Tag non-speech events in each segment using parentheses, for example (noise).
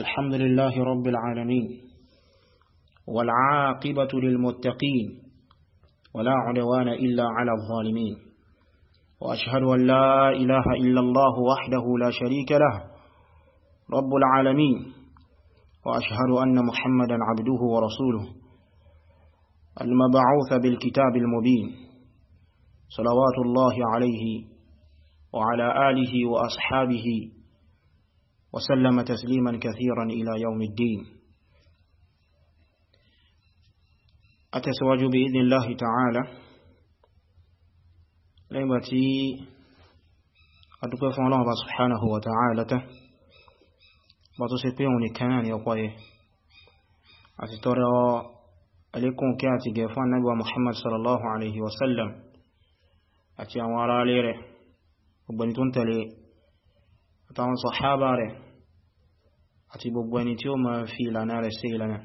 الحمد لله رب العالمين والعاقبة للمتقين ولا عدوان إلا على الظالمين وأشهد أن لا إله إلا الله وحده لا شريك له رب العالمين وأشهد أن محمدا عبده ورسوله المبعوث بالكتاب المبين صلوات الله عليه وعلى آله وأصحابه وسلم تسليما كثيرا إلى يوم الدين أتسواج بإذن الله تعالى لما تي أدوك الله سبحانه وتعالى وتسيقيون كان يقوي أتترى عليكم كاتي جيفان نبوى محمد صلى الله عليه وسلم أتي أمارا ليره وبنتون تليه àtàwọn sàhábà rẹ̀ àti gbogbo ẹni tí ó ma fi ìlànà rẹ̀ sí ìlànà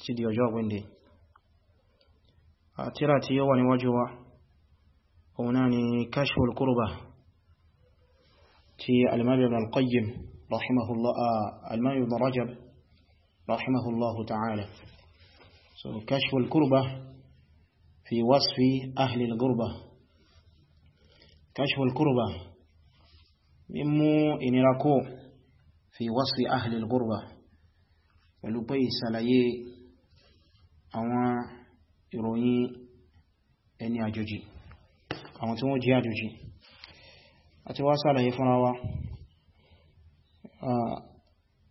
tí di ọjọ́ ọ̀gbìndì àtíra tí ó wà níwájú wa òun náà ni kashful kurba ti alimami ibn al-qayyim rahimahullah alimami ibn rajab rahimahullahu ta'ala so kashful kurba fi wasfi ahli al-gurba kashful kurba mímú ìnira kó fi wasi ahli al-ghurba pẹ̀lú pé ìsàlàyé àwọn ìròyìn ẹni àjòjì àwọn tí wọ́n jẹ́ àjòjì àti wá sàlàyé fúnra wa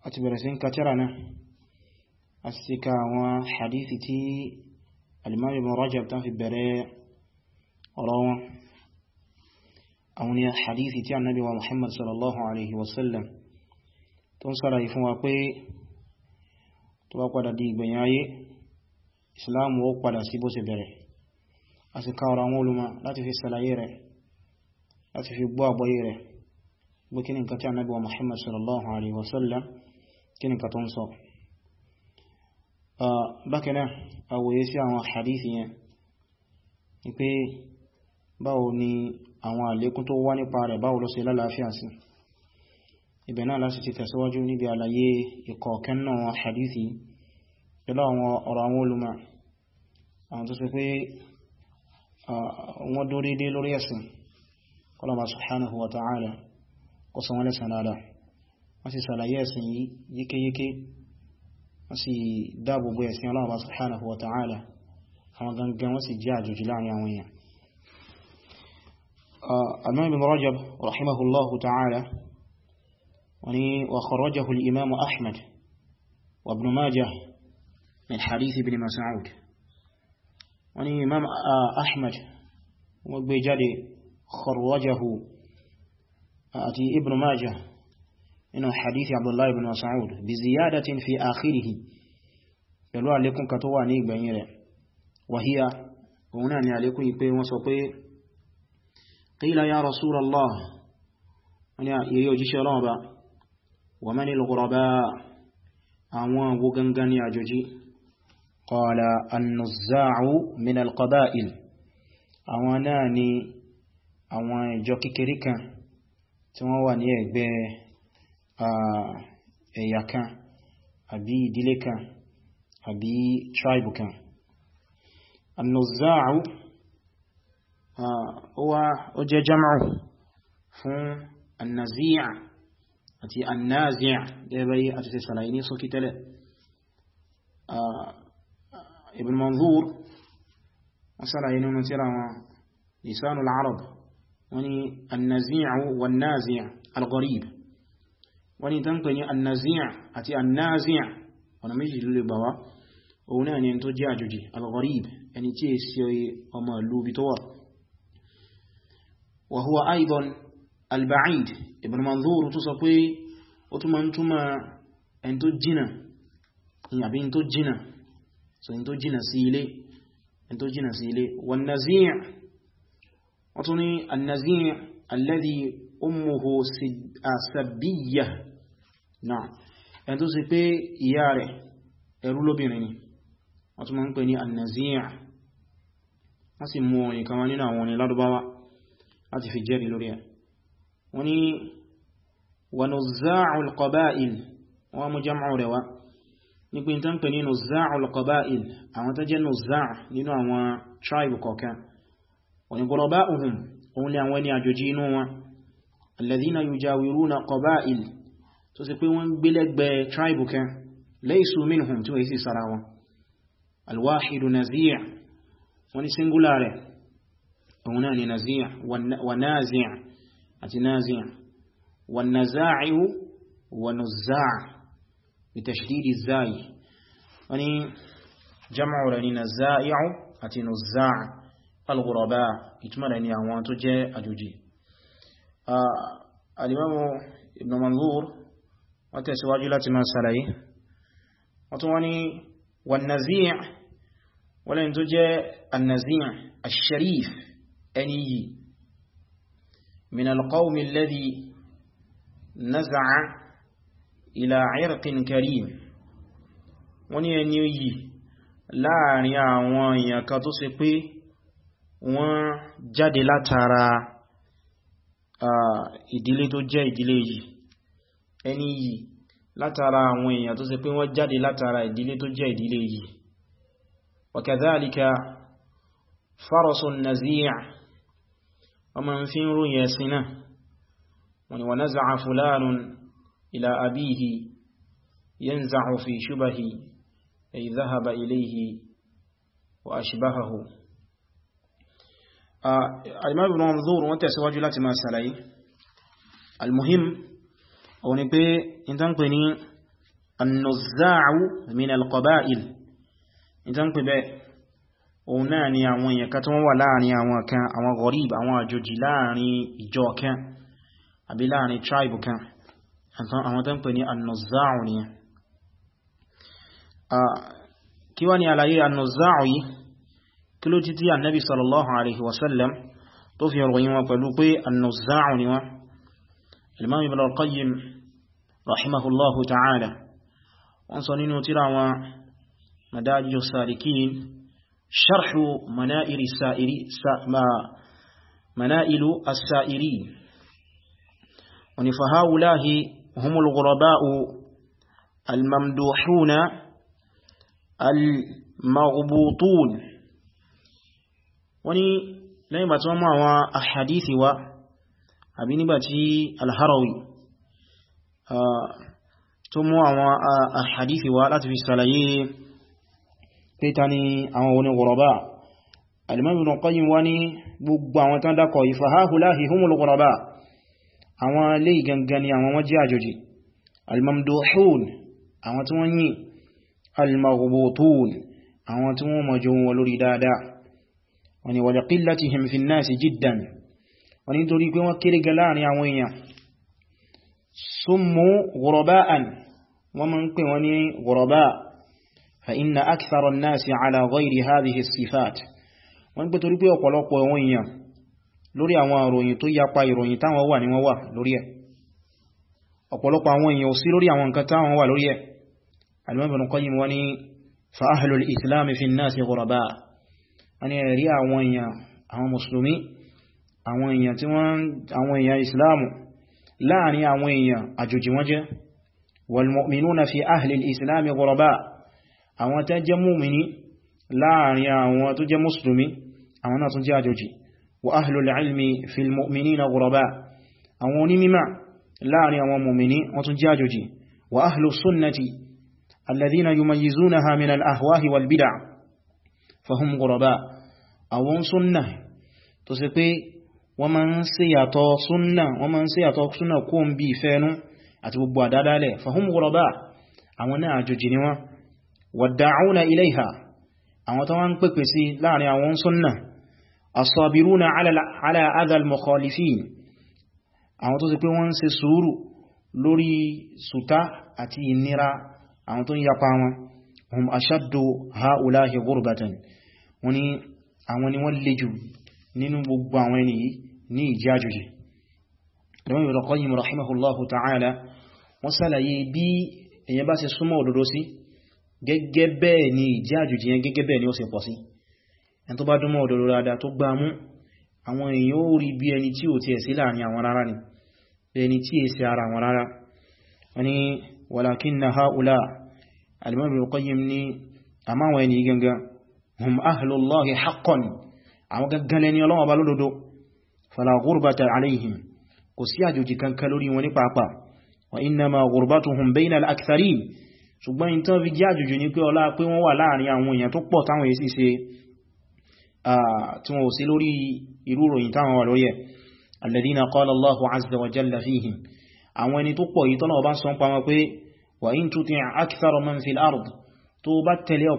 àti bẹ̀rẹ̀ sí ń ka tírà náà a sì ka àwọn hadithi tí al-Imam Ibn fi bẹ̀rẹ̀ ọ̀rọ̀ wọn àwọn ya hadithi tí annabi wa muhammad sallallahu alaihi wasallam tó ń sára ìfún wa pé tó bá padà di ìgbẹ̀yìn ayé islam ó padà sí bó ṣe bẹ̀rẹ̀ a sì káwàrà àwọn olùmọ̀ láti fi sàlàyé rẹ̀ láti fi gbọ́ àgbọ́yé rẹ̀ gbé kí ni nǹkan tí annabi wa muhammad sallallahu alaihi wasallam kí ni nǹkan tó ń sọ ah, bákan náà àwòye hadithi yẹn ni pé báwo ni àwọn àlékún tó wá nípa rẹ̀ báwo ló ṣe lálàáfíà sí ibẹ̀ náà láti ti tẹ̀síwájú níbi àlàyé ìkọ̀ọ̀kan náà hadithi pẹ̀lú àwọn ọ̀rọ̀ àwọn olùmọ̀ àwọn tó ṣe pé wọ́n dórí dé lórí ẹ̀sìn kọlọ̀mà subhanahu wa ta'ala kó san wọ́n lẹ́san dáadáa wọ́n sì sàlàyé ẹ̀sìn yíkéyíké wọ́n sì dáàbòbò ẹ̀sìn ọlọ́mà subhanahu wa ta'ala àwọn gangan wọ́n sì jẹ́ àjòjì láàrin àwọn èèyàn المهم بن رجب رحمه الله تعالى وخرجه الإمام أحمد وابن ماجه من حديث ابن مسعود وني إمام آه، أحمد وبجد خرجه أتي ابن ماجه إنه حديث عبد الله بن مسعود بزيادة في آخره يلوى لكم كتوى نيك بنيرة وهي هنا نعليكم يقول وصفه قيل يا رسول الله أنا يريد شرابا ومن الغرباء àwọn wo gangan ni àjòjì qala annuzza'u min alqaba'il àwọn náà ni àwọn ìjọ kékeré kan tí wọ́n wà ní ẹ̀gbẹ́ ẹ̀yà kan àbí ìdílé kan àbí tribe kan annuzza'u Ah, ó jẹ́ jam'u fún annazi'a àti annazi'a gẹ́gẹ́ àti ṣe ṣàlàyé ní sókí tẹ́lẹ̀ ah, ibn manzur ṣàlàyé nínú tíra wọn lisanul arab wani annazi'a wa annazi'a al-gharib wani tán pè ní annazi'a àti annazi'a ọ̀nà méjì lè gbàwá òun náà ni tó jẹ́ àjòjì al-gharib ẹni tí è وهو أيضا البعيد ابن منظور تصفي وتمنتما أن تجنا يا بين تجنا أن تجنا سيلي أن تجنا سيلي والنزيع وتني النزيع الذي أمه سبية نعم أن تصفي إياره أرولو بيريني وتمنتني النزيع wọ́n sì mú òyìnkan wọn nínú àwọn onílọ́dúbáwá láti fi jẹ́rì lórí ẹ̀ wọ́n ni wà nuzza'ul qaba'il wọ́n mú jam'u rẹ̀ wá ní pé tán pè ní nuzza'ul qaba'il àwọn tó jẹ́ nuzza' nínú àwọn tribe kọ̀ọ̀kan wọ́n ni quraba'uhum òun ni àwọn ẹni àjòjì inú wọn alladhina yujawiruna qaba'il tó sì pé wọ́n gbélẹ́gbẹ̀ẹ́ tribe kan laysu minhum tí wọ́n yìí sì sára wọn alwahidu nazi' wọ́n ni singular rẹ̀ هنالي نزيع ونازع أتي أتنازع والنزاع ونزاع بتشديد الزاي يعني جمع لني يعني أتي أتنزاع الغرباء كتمر أن يعوان يعني تجي أجوجي آه، الإمام ابن منظور وتسواج لا تمسلي وتواني يعني والنزيع ولن تجي النزيع الشريف ẹni yìí min alqawmi alladhi naza'a ila 'irqin karim wọ́n ní ẹni yìí láàrin àwọn èèyàn kan tó ṣe pé wọ́n jáde látara ìdílé tó jẹ́ ìdílé yìí ẹni yìí látara àwọn èèyàn tó ṣe pé wọ́n jáde látara ìdílé tó jẹ́ ìdílé yìí wa kadhalika farasun nazi' ọmọ ń fi ń ròyìn ẹ̀sìn náà wọ́n ni wa naza'a fulanun ila abihi yanza'u fi shubahi ay dhahaba ilayhi wa ashbahahu al-imam ibn Manzur wọ́n tẹ̀síwájú láti máa sàlàyé al-muhim ni pé ìtàn pè ní an min al-qaba'il ìtàn pè bẹ́ẹ̀ òun náà ni àwọn èèyàn kan tó wọ́n wà láàrin àwọn kan àwọn gharib àwọn àjòjì láàrin ìjọ kan àbí láàrin tribe kan àwọn tó ń pè ní annozau ni kí wá ní àlàyé annozau yìí kí ló títí annabi sallallahu alaihi wasallam tó fi ròyìn wọn pẹ̀lú pé annozau ni wọn شرح منائل السائري منائل السائري فهؤلاء هم الغرباء الممدوحون المغبوطون وني لما تسمعوا احاديث و ابي نباتي الهروي آه تموا احاديث و لا تفي pé ta ni àwọn oní ghuraba al-Imam Ibn Qayyim wá ní gbogbo àwọn tán dákọ̀ faha'ula'i humul ghuraba àwọn ilé gangan ni àwọn wọ́n jẹ́ àjòjì al-mamduhun àwọn tí wọ́n yìn ń pè wọ́n ní ghuraba' فإن أكثر الناس على غير هذه الصفات wọ́n gbé torí pé ọ̀pọ̀lọpọ̀ àwọn èèyàn lórí àwọn ìròyìn tó yapa ìròyìn táwọn wà ní wọ́n wà lórí ẹ̀ ọ̀pọ̀lọpọ̀ àwọn èèyàn ò sí lórí àwọn nǹkan táwọn wà lórí ẹ̀ alimọ́bìnrin kọ́ yìí wọ́n ni fa'ahlul islam fi náà sí ghuraba wọ́n ni rí àwọn èèyàn àwọn mùsùlùmí àwọn èèyàn tí wọ́n àwọn èèyàn islamu láàrin àwọn èèyàn àjòjì wọ́n jẹ́ wal mu'minuna fi ahlil islam ghuraba àwọn tẹ́ jẹ́ múmini láàrin àwọn tó jẹ́ mùsùlùmí àwọn náà tún jẹ́ àjòjì wa ahlul ilmi fil mu'minina ghuraba àwọn onímímà láàrin àwọn múmini wọ́n tún jẹ́ àjòjì wa ahlus sunnati alladhina yumayyizunaha min al-ahwahi wal àwọn náà àjòjì ni wọ́n wàdàáúnà iléha àwọn tó wá ń pèpè sí láàrin àwọn súnnà asọ́birúnà aláàdàl mọ̀kọlifin àwọn tó sì pé wọ́n ń ṣe sùúrù lórí sùtá àti ìnira àwọn tó ń yapa wọn hum ashaddu ha'ulahi gurbatan wani àwọn ni wọ́n lè nínú gbogbo àwọn ẹni ní ìjájújì gẹ́gẹ́ bẹ́ẹ̀ ni ìjẹ́ àjòjì yẹn gẹ́gẹ́ bẹ́ẹ̀ ni ó ṣe pọ̀ sí ẹni tó bá dúnmọ́ òdodo dáadáa tó gbá mú àwọn èèyàn ó rí bí ẹni tí ò tiẹ̀ sí láàrin àwọn rárá ni ẹni tí èsì ara àwọn rárá wani walakinna haula al-imam ṣùgbọ́n in tán fi jẹ́ àjòjì ní pé ọlá pé wọ́n wà láàrin àwọn èèyàn tó pọ̀ táwọn èsì ṣe tí wọ́n sí lórí irú ròyìn táwọn wà lórí ẹ̀ alladhina qala Allahu azza wa jalla fihim àwọn ẹni tó pọ̀ yìí tọ́nà ọba ń sọ pa wọn pé wa in tuti' akthara man fil ard tó bá tẹ̀lé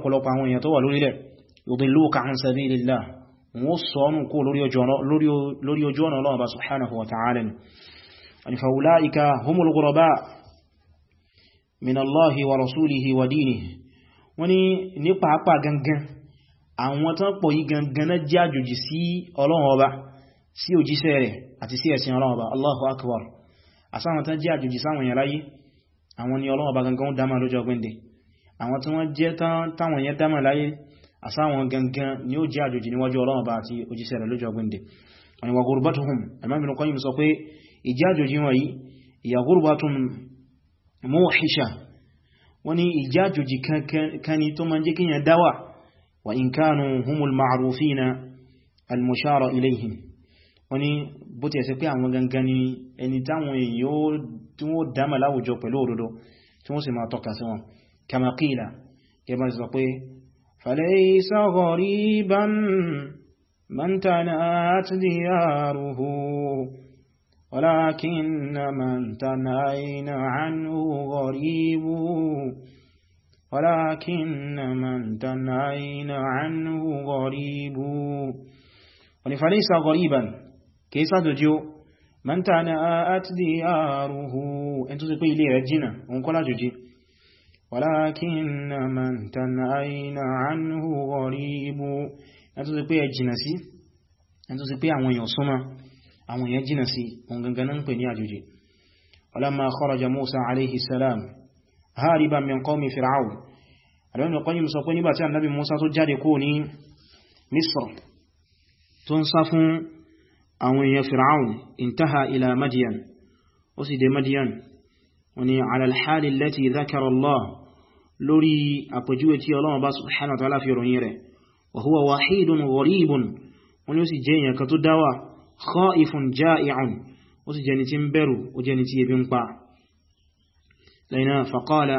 min Allahi wa rasulihi wa dinihi wọ́n ní ní pàápàá gangan àwọn tán pọ̀ yí gangan náà jẹ́ àjòjì sí ọlọ́run ọba sí òjíṣẹ́ rẹ̀ àti sí ẹ̀sìn ọlọ́run ọba Allahu akbar àsáwọn tán jẹ́ àjòjì sáwọn èèyàn láyé àwọn ni ọlọ́run ọba gangan dámà lọ́jọ́ gbẹ́ndẹ̀ àwọn tí wọ́n jẹ́ táwọn yẹn dámà láyé àsáwọn gangan ni ó jẹ́ àjòjì níwájú ọlọ́run ọba àti òjíṣẹ́ rẹ̀ lọ́jọ́ gbẹ́ndẹ̀ wọ́n wa gurbatuhum Imam Ibn Qayyim sọ pé ìjẹ́ àjòjì wọn yìí ìyà muhisha wọ́n ní ìjájòjì kankani tó ma jẹ́ kíyàn dáwà wa in kanu humul ma'rufina al-mushara ilayhim wọ́n ní bó ti ẹ̀sẹ̀ pé àwọn gangan ni ẹni táwọn èèyàn tí wọ́n dámà láwùjọ pẹ̀lú òdodo tí wọ́n sì máa tọ́ka sí wọn kama qila gẹ́bà ti sọ pé falaysa ghariban man tanat diyaruhu ولكن من تناين عنه غريب ولكن من تناين عنه غريب ولفليس غريبا كيف تجو من تناءت دياره انت تقول لي رجنا ونقول جوجي ولكن من تناين عنه غريب انت تقول اجنا سي انت تقول àwọn èèyàn súnmọ́ àwọn èèyàn jìnà sí wọn gangan ń pè ní àjòjì ọlọ́mà kharaja Musa alayhi salam hariban min qawmi fir'aun alẹ́nu Qayyim sọ pé nígbàtí annabi Musa tó jáde kó ní Misr tó ń sá fún àwọn èèyàn fir'aun intaha ila Madian ó sì dé Madian wani ala al jẹ́ èèyàn kan tó dáwà khaifun ja'i'un ó sì jẹni tí ń bẹ̀rù ó jẹni tí ebi ń pa lẹ́yìn náà faqala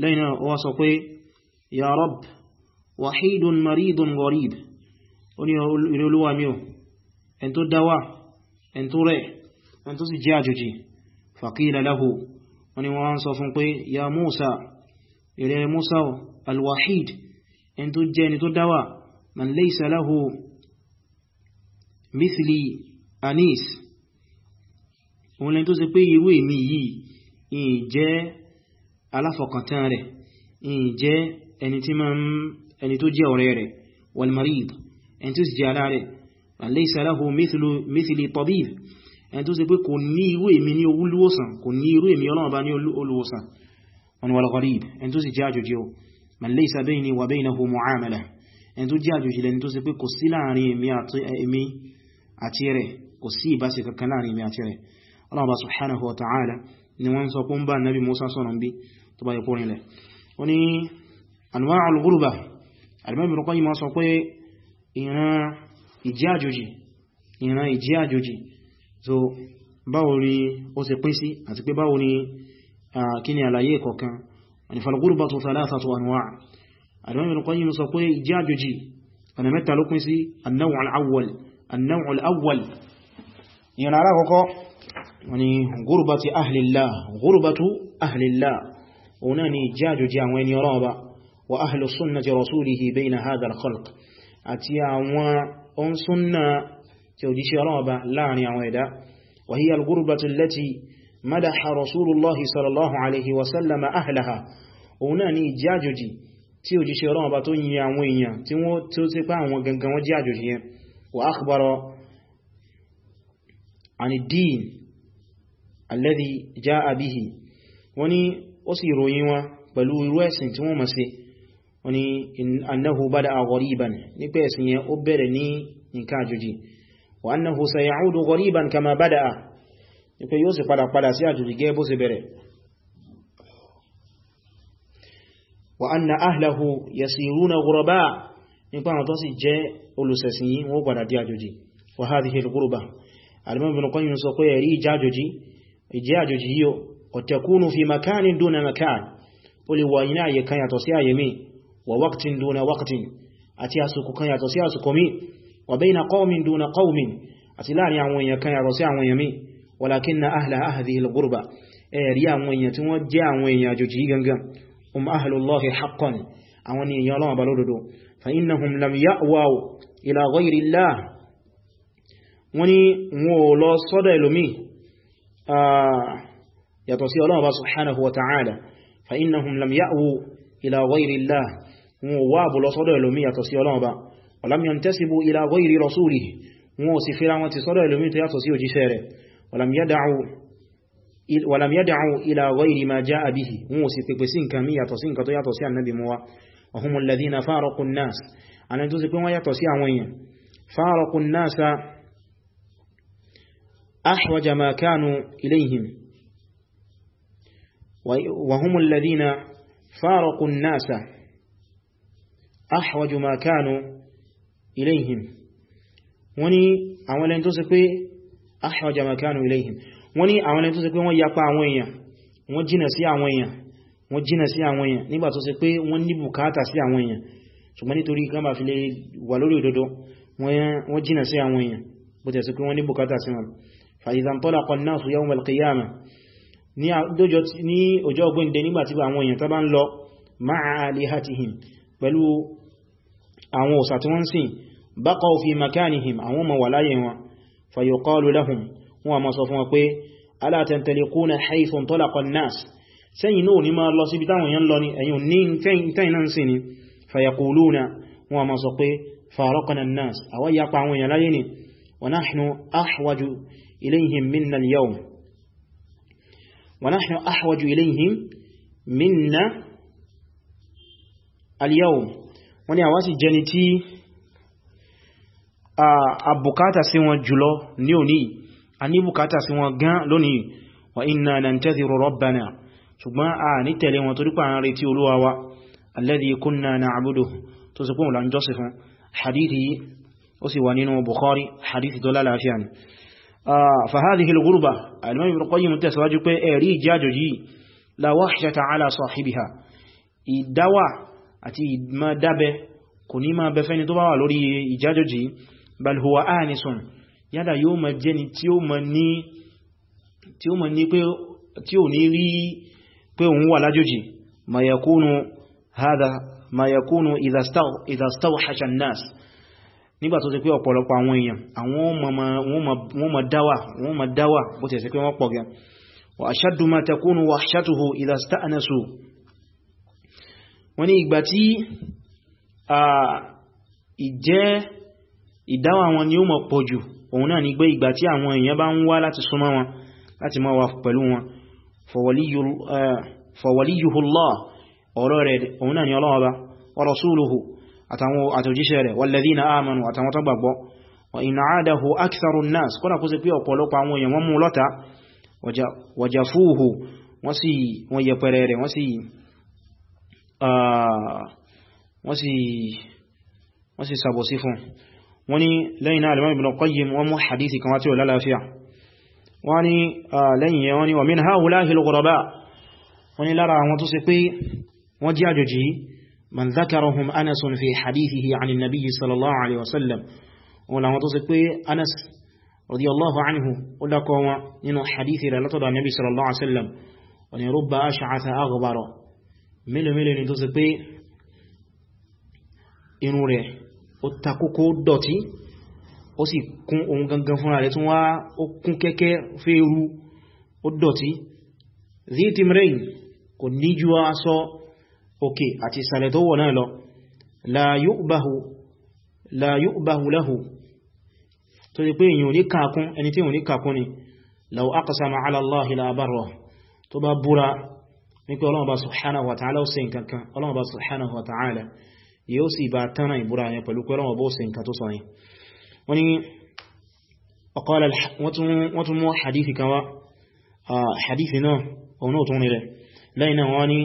lẹ́yìn náà ó wá sọ pé ya rab wahidun maridun gharib ó ní ilé olúwa mi ò ẹn tó dáwà ẹn tó rẹ̀ ẹn tó sì jẹ́ àjòjì faqila lahu wọ́n ní wọ́n sọ fún pé ya Musa ilẹ̀ Musa alwahid ẹn tó jẹ́ ni tó dáwà man laysa lahu mithli anis òun lẹ́n tó ṣe pé irú èmi yìí ìyìn jẹ́ aláfọkàntán rẹ̀ ìyìn jẹ́ ẹni tó jẹ́ ọ̀rẹ́ rẹ̀ walmarid ẹni tó sì jẹ́ aláàrẹ̀ alaysa lahu mithli tabib ẹni tó ṣe pé kò ní irú èmi ní olúwòsàn kò ní irú èmi ọlọ́ọ̀bá ní olúwòsàn ẹni tó jẹ́ àjòjì ẹni tó jẹ́ pé kò sí láàrin èmi àti rẹ̀ kò sí ìbáṣe kankan láàrin mi àti rẹ̀ ọlọ́ọ̀bá subhanahu wa ta'ala ni wọ́n sọ kún bá nabi musa sọ́nà bí tó bá ikú rinlẹ̀ wọ́n ni anwaa al-ghurba alimami rukọ́ yìí ma sọ pé ìran ìjẹ́ àjòjì ìran ìjẹ́ àjòjì so báwo ni ó ṣe pín sí àti pé báwo ni kí ni النوع الأول ينرى كوكو وني غربة أهل الله غربة أهل الله وناني جاج جاوين يرابا وأهل سنة رسوله بين هذا الخلق أتيا وأن سنة توديش يرابا لا نعويدا وهي الغربة التي مدح رسول الله صلى الله عليه وسلم أهلها وناني جاج جي tí òjíṣẹ́ ọlọ́run bá tó yin àwọn èèyàn tí wọ́n tí ó ti pá àwọn gangan wọ́n jẹ́ àjòjì yẹn وأخبر عن الدين الذي جاء به وني أصيروا يوا بلو الواسن تمو مسي وني إن أنه بدأ غريبا نكبس يأبرني نكاججي وأنه سيعود غريبا كما بدأ نكبس يوسف قد قد سيعججي جيبو سبره وأن أهله يسيرون غرباء nípa àwọn tó sì jẹ́ olùsẹ̀sìn yìí wọ́n padà di àjòjì wa hadhihi al-ghurba al-imam ibn qayyim sọ pé ẹ̀rí ìjẹ́ àjòjì ìjẹ́ àjòjì yíò qad takunu fi makanin duna makan ó lè wà ní àyè kan yàtọ̀ sí àyè mi wa waqtin duna waqtin àti àsìkò kan yàtọ̀ sí àsìkò mi wa bayna qawmin duna qawmin àti láàrin àwọn èèyàn kan yàtọ̀ sí ẹ̀rí àwọn èèyàn tí wọ́n jẹ́ àwọn èèyàn àjòjì gangan um ahlullahi haqqan àwọn èèyàn ọlọ́wọ́ balódodo فإنهم لم يأووا إلى غير الله وني ولا صدى لمي آه يتوصي الله سبحانه وتعالى فإنهم لم يأووا إلى غير الله وواب لا صدى لمي يتوصي الله ولم ينتسبوا إلى غير رسوله وصفرا وتصدى لمي يتوصي جسره ولم يدعوا ولم يدعوا إلى غير ما جاء به وصفق سنك مي يتوصي النبي مواه وهم الذين فارقوا الناس أنا جوزي كون ويأتوا توسي وين فارقوا الناس أحوج ما كانوا إليهم وهم الذين فارقوا الناس أحوج ما كانوا إليهم وني أولا تسكي أحوج ما كانوا إليهم وني أولا تسكي ويأتوا وين وجنا سيا وين wọ́n jìnà sí àwọn èèyàn nígbà tó ṣe pé wọ́n ní bùkátà sí àwọn èèyàn ṣùgbọ́n nítorí kan bá fi lè wà lórí òdodo wọ́n jìnà sí àwọn èèyàn bó tẹ̀ sí pé wọ́n ní bùkátà sí wọn fàyíza tọ́lá kọ̀nnáṣù yawm al-qiyamah ní ọjọ́ ọgbẹ́ndẹ̀ nígbàtí àwọn èèyàn tàbá ń lọ ma'a alihatihim pẹ̀lú àwọn sẹ́yìn náà ní máa lọ síbi táwọn èèyàn lọ ní ẹ̀yìn ní ìtẹ́yìn náà sí ni fayakuluna wọn a máa sọ pé faraqana nas àwa yapa àwọn èèyàn láyé ni wa nahnu ahwaju ilayhim minna minna al wọ́n ni àwa sì jẹni tí a bùkátà sí wọn jùlọ ní òní a ní bùkátà sí wọn gan lónìí wa inna nantadhiru rabbana ṣùgbọ́n a ní tẹ̀lé wọn torí pa àárín tí olúwa wa alladhi kunna na'buduhu tó sì pọ̀ ń jọ́sìn fún hadithi ó sì wà nínú Bukhari hadithi tó lálàáfíà ni fa hadhihi al-ghurba al-imam ibn qayyim tẹ̀síwájú pé ẹ̀rí ìjájòjì la wahshata ala sahibiha ìdáwà àti tí ó ma ní pé tí ò ní rí pé òun wà lájòjì ma yakunu hadha ma yakunu idha stawhasha an-nas nígbà tó ṣe pé ọ̀pọ̀lọpọ̀ àwọn èèyàn àwọn ma dáwà wọ́n ma dáwà bó ti ṣe pé wọ́n pọ̀ gan wa ashaddu ma takunu wahshatuhu idha sta'nasu wọ́n ní ìgbà tí ìjẹ́ ìdáwà wọn ni ó mọ̀ pọ̀jù òun náà ni pé ìgbà tí àwọn èèyàn bá ń wá láti súnmọ́ wọn فوليه الله أولورد أولان يلابا ورسوله أتوجيشه له والذين آمنوا أتوتبقوا وإن عاده أكثر الناس كنا كوزي بيو قولوك عمو يمامو لتا وجفوه وسي ويبرير وسي وسي سابوسيفون وني لين علمان بن القيم ومو حديثي كما تيو للافيا wọ́n ni ah, lẹ́yìn yẹn wọ́n ni wa min ha'ula'il ghuraba wọ́n ni lára àwọn tó ṣe pé wọ́n jẹ́ àjòjì man dhakarahum anasun fi hadithihi anin nabiyyi sallallahu alaihi wasallam wọ́n làwọn tó ṣe pé nabi sallallahu alaihi wasallam wọ́n ni tó ṣe pé irun rẹ̀ ó sì kún ohun gangan fúnra rẹ̀ tún wá ó kún kẹ́kẹ́ fẹ́rú ó dọ̀tí zitim rain kò ní ju aṣọ òkè àti ìsàlẹ̀ tó wọ̀ náà lọ la yu'bahu la yu'bahu lahu tó ti pé èyàn ò ní kàkún ẹni tí ò ní kàkún ni law aqsama ala Allahi la barra tó bá búra nípa Ọlọ́run bá subhanahu wa ó sì bá tánà wọ́n ni ọkọ̀ọ̀lá wọ́n tún mú hadithi kan wá hadithi náà òun náà tún rí rẹ̀ lẹ́yìn náà wọ́n ni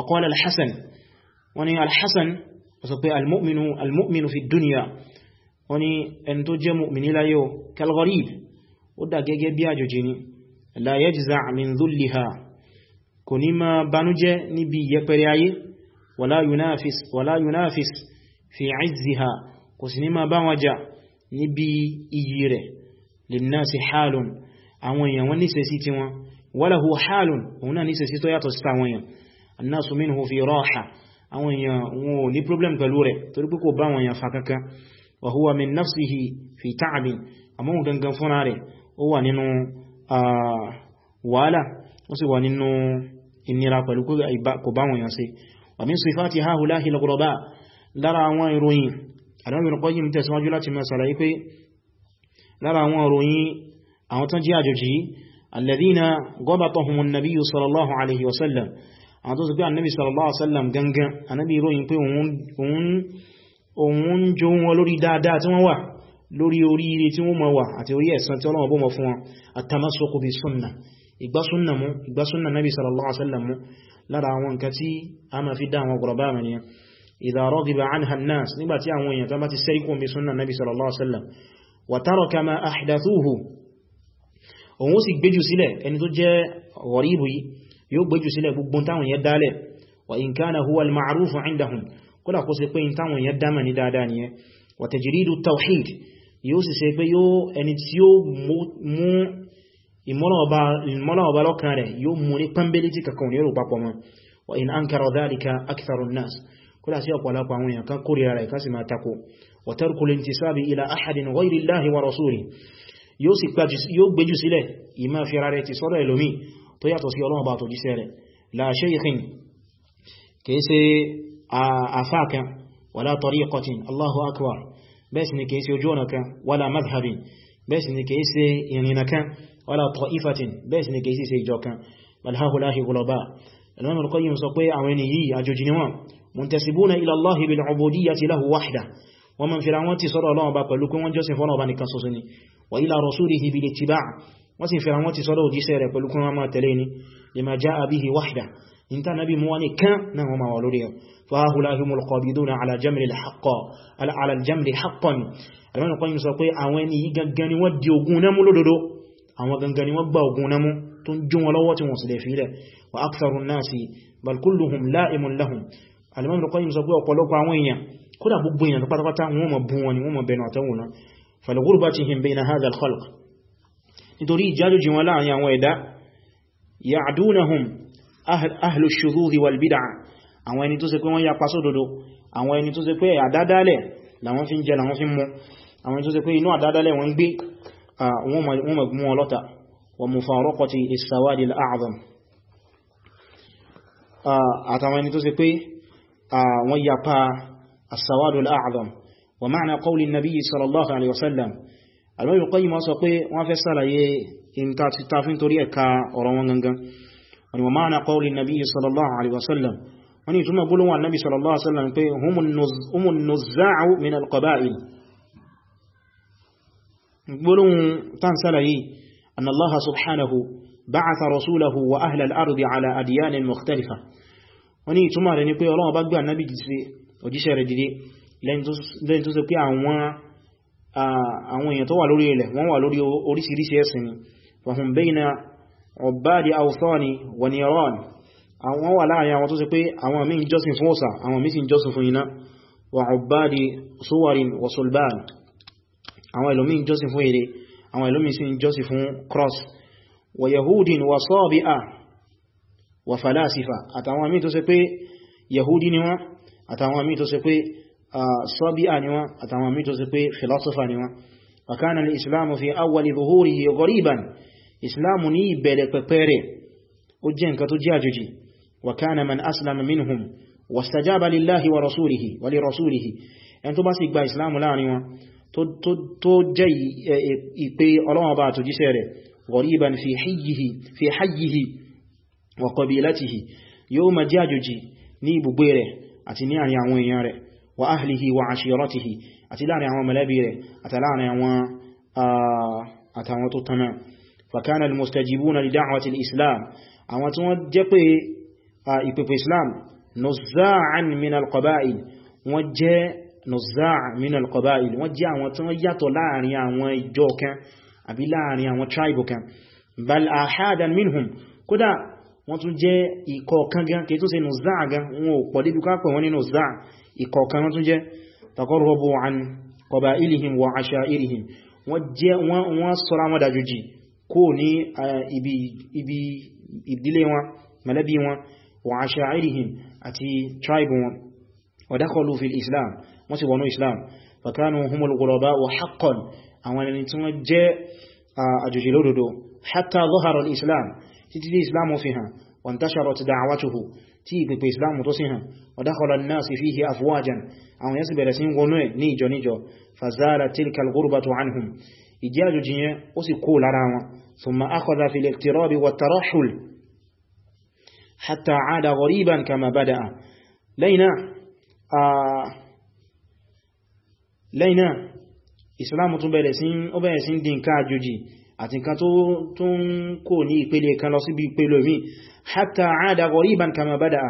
ọkọ̀ọ̀lá alhassan wọ́n ni alhassan wọ́n sọ pé almu'minu fi duniya wọ́n ni ẹni tó jẹ́ mu'mini láyé o níbi iyì rẹ̀ linnasi halun àwọn èèyàn wọ́n níṣẹ́ sí ti wọn walahu halun òun náà níṣẹ́ sí tó yàtọ̀ sí àwọn èèyàn annasu minhu fi raha àwọn èèyàn wọn ò ní problem pẹ̀lú rẹ̀ torí pé kò bá wọn èèyàn fa kankan wa huwa min nafsihi fi ta'abin àmọ́ lára àwọn ìròyìn Ibn Qayyim tẹ̀síwájú láti máa ṣàlàyé pé lára àwọn òròyìn àwọn tán jẹ́ àjòjì alladhina ghabatahumu an-nabiyyu sallallahu alaihi wasallam àwọn tó sì pé annabi sallallahu alaihi wasallam gangan annabi lára àwọn nǹkan tí a máa fi dá àwọn gọ̀rọ̀bá mẹ́rin إذا رغب عنها الناس نباتي عن وين تباتي سيكون بسنة النبي صلى الله عليه وسلم وترك ما أحدثوه òun sì gbéjù sílẹ̀ ẹni tó jẹ́ ọ̀rìbù yìí yóò gbéjù sílẹ̀ gbogbo táwọn yẹn dálẹ̀ wa in kana huwa al-ma'rufu 'indahum kódà kó ṣe pé in táwọn yẹn dámà ní dáadáa ni ẹ wa tajridu tawhid yóò sì ṣe pé ẹni tí ó mú ìmọ́lọ̀ọba lọ́kàn yóò mú ní kódà sí ọ̀pọ̀lọpọ̀ àwọn èèyàn kan kórìíra rẹ̀ kan sì máa tako wa tarkul intisabi ila ahadin ghayri Allahi wa rasuli yóò sì gbéjú sílẹ̀ ìmá fi ara rẹ̀ ti sọ́dọ̀ ẹlòmí tó yàtọ̀ sí Ọlọ́run bá tó jíṣẹ́ rẹ̀ la shaykhin kìí ṣe àfá kan wala tariqatin Allahu akbar bẹ́ẹ̀ sì ni kìí muntasibuna ila allahi bil ubudiyyati lahu wahda wọ́n ma fi ra wọn ti sọ́rọ̀ ọlọ́wọ́ bá pẹ̀lú pé wọ́n jọ́sìn fọ́nà ọba nìkan ṣoṣo ni wa ila rasulihi bil ittiba' wọ́n sì fi ra wọn ti sọ́rọ̀ òjíṣẹ́ rẹ̀ pẹ̀lú kún wọn máa tẹ̀lé ni lima ja'a bihi wahda in ta nabi muwa ni kan na wọn ma wà lórí ẹ̀ fahulahimul qabiduna ala jamri haqqan alamani kwanyi sọ pé àwọn ẹni yìí gangan ni wọ́n di ogun námú lódodo àwọn gangan ni wọ́n gba ogun námú tó ń jún wọn lọ́wọ́ tí wọ́n sì lè fi ilẹ̀ wa aktharun nasi bal kulluhum la'imun lahum alimọ́mù lọ́kọ́ yìí sọ pé ọ̀pọ̀lọpọ̀ àwọn èèyàn kódà gbogbo èèyàn pátápátá wọn mọ̀ bú wọn ni wọ́n mọ̀ bẹnu àtẹ́wò náà falagurbatihim bayna hadha al-khalq nítorí ìjálójì wọn láàrin àwọn ẹ̀dá ya'dunahum ahlu ash-shududh wal bid'ah àwọn ẹni tó ṣe pé wọ́n ya pasó dodo àwọn ẹni tó ṣe pé àdádálẹ̀ làwọn fi ń àtàwọn ẹni tó ṣe pé àwọn ah, yapa asawadul a'zam wa ma'ana qawli nabi sallallahu alaihi wasallam alwai qayyim sọ pé wọ́n fẹ́ ṣàlàyé in ta ti tafin torí ẹ̀ka ọ̀rọ̀ wọn gangan wani wa ma'ana qawli nabi sallallahu alaihi wasallam wani tuma bulunwa nabi sallallahu alaihi wasallam pé humun nuzza'u min alqaba'il bulun tan ṣàlàyé an Allah subhanahu ba'atha rasulahu wa ahla al-ardi ala adyan mukhtalifa wọ́n ní ìtumọ̀ rẹ̀ ni pé Ọlọ́run bá gbé ànábì òjíṣẹ́ rẹ̀ dìde lẹ́yìn tó ṣe pé àwọn èèyàn tó wà lórí ilẹ̀ wọ́n wà lórí oríṣiríṣi ẹ̀sìn ni fahum bayna ubbadi awthani wa niran àwọn wà láàrin àwọn tó ṣe pé àwọn míì jọ́sìn fún òsà àwọn míì sì jọ́sìn fún wà fàlásífà àtàwọn àmì tó ṣe pé yahudi ni wọ́n àtàwọn àmì tó ṣe pé sọ́bíà ni wọ́n àtàwọn àmì tó ṣe pé philosopher ni wọ́n wàkánà ní islamu fi awwali zuhurihi ghariban islamu ní ìbẹ̀rẹ̀ pẹ̀pẹ̀rẹ̀ ó jẹ́ nǹkan tó jẹ́ àjòjì wàkánà man aslama minhum wastajaba lillahi wa rasulihi wa rasulihi ẹn tó bá sì gba islamu láàrin wọn tó jẹ́ ìpé ọlọ́wọ́ bá àtòjíṣẹ́ rẹ̀ ghariban fi hayyihi wa qabilatihi yóò ma jẹ́ àjòjì ní ibùgbé rẹ̀ àti ní àrin àwọn èèyàn rẹ̀ wa ahlihi wa ashiratihi àti láàrin àwọn mẹ̀lẹ́bí rẹ̀ àtàláàrin àwọn àtàwọn tó tánà fakana al-mustajibuna li da'wati al-islam àwọn tí wọ́n jẹ́ pé ìpèpè islam nuzza'an min al-qaba'il wọ́n jẹ́ nuzza' min al-qaba'il wọ́n jẹ́ àwọn tí wọ́n yàtọ̀ láàrin àwọn ìjọ kan àbí láàrin àwọn tribe kan bal ahadan minhum kódà wọ́n tún jẹ́ ìkọ̀ọ̀kan gan kìí tó ṣe nù záà gan wọn ò pọ̀ débi kápẹ̀ wọn nínú záà ìkọ̀ọ̀kan wọ́n tún jẹ́ taqarrubu an qabailihim wa ashairihim wọ́n jẹ́ wọ́n sọ́ra wọn dájújì kó ní ibi ìdílé wọn mẹ́lẹ́bí wọn wọ́n sì wọnú islam títí dé islam fi hàn وانتشرت دعوته tí ìpèpè islam tó sí hàn ودخل الناس فيه أفواجا àwọn yẹ́sì bẹ̀rẹ̀ sí wọnú ẹ̀ ní ìjọ níjọ فزالت تلك الغربة عنهم ìjẹ́ àjòjì yẹn ثم أخذ في الاقتراب والترحل حتى عاد غريبا كما بدأ لينا آه لينا islam tún bẹ̀rẹ̀ sí dín ká àjòjì àti nǹkan tó ń kò ní ìpele kan lọ síbi ìpele mi hatta aada ghoriban kama bada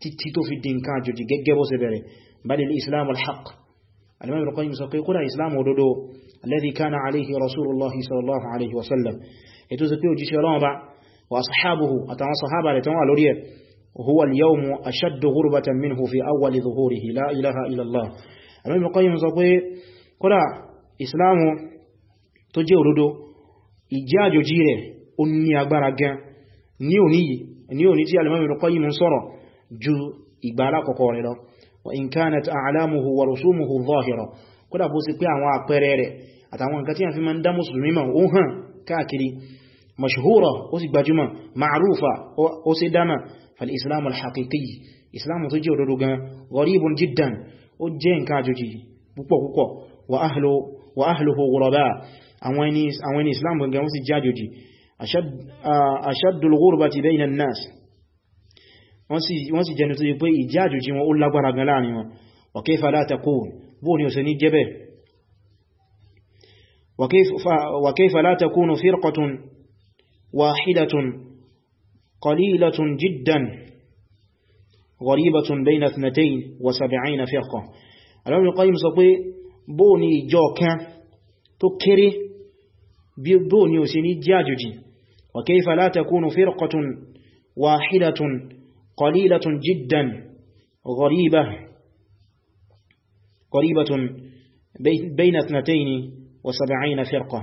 títí tó fi di nǹkan àjòjì gẹ́gẹ́ bó ṣe bẹ̀rẹ̀ balil islam alhaq alimami rukun yi sọ pé kódà islam òdodo alladhi kana alayhi rasulullah sallallahu alayhi wa sallam ètò sí pé òjíṣẹ́ ọlọ́run ba wa ashabuhu àtàwọn sahaba rẹ̀ tán wà lórí ẹ̀ huwa al-yawm alimami rukun yi sọ pé kódà islam ìjẹ́ àjòjì rẹ̀ ó ní agbára gan ní òní ní òní tí alimami rukọ yìí mún sọ́rọ̀ ju ìgbà alákọ̀ọ́kọ́ rẹ̀ lọ wa in kanat a'lamuhu wa rusumuhu zahira kódà bó sì pé àwọn àpẹẹrẹ rẹ̀ àtàwọn nǹkan tí wa ahluhu ghuraba àwọn ẹni islam gangan wọ́n sì jájòjì ashaddul ghurbati bayna an-nas wọ́n sì jẹni tó yí pé ìjájòjì wọn ó lágbára gan láàrin wọn wa kayfa la taqul bóò ni ò sí ní jẹ́bẹ̀ wa kayfa la takunu firqatun wahidatun qalilatun jiddan gharibatun bayna ithnatayn wa sab'ina firqa Ibn Qayyim sọ pé bóò ni ìjọ kan tó kéré bí bó ní ò sí ní jẹ́ àjòjì wa kayfa la takunu firqatun wahidatun qalilatun jiddan qaribatun bayna ithnatayni wa sab'ina firqa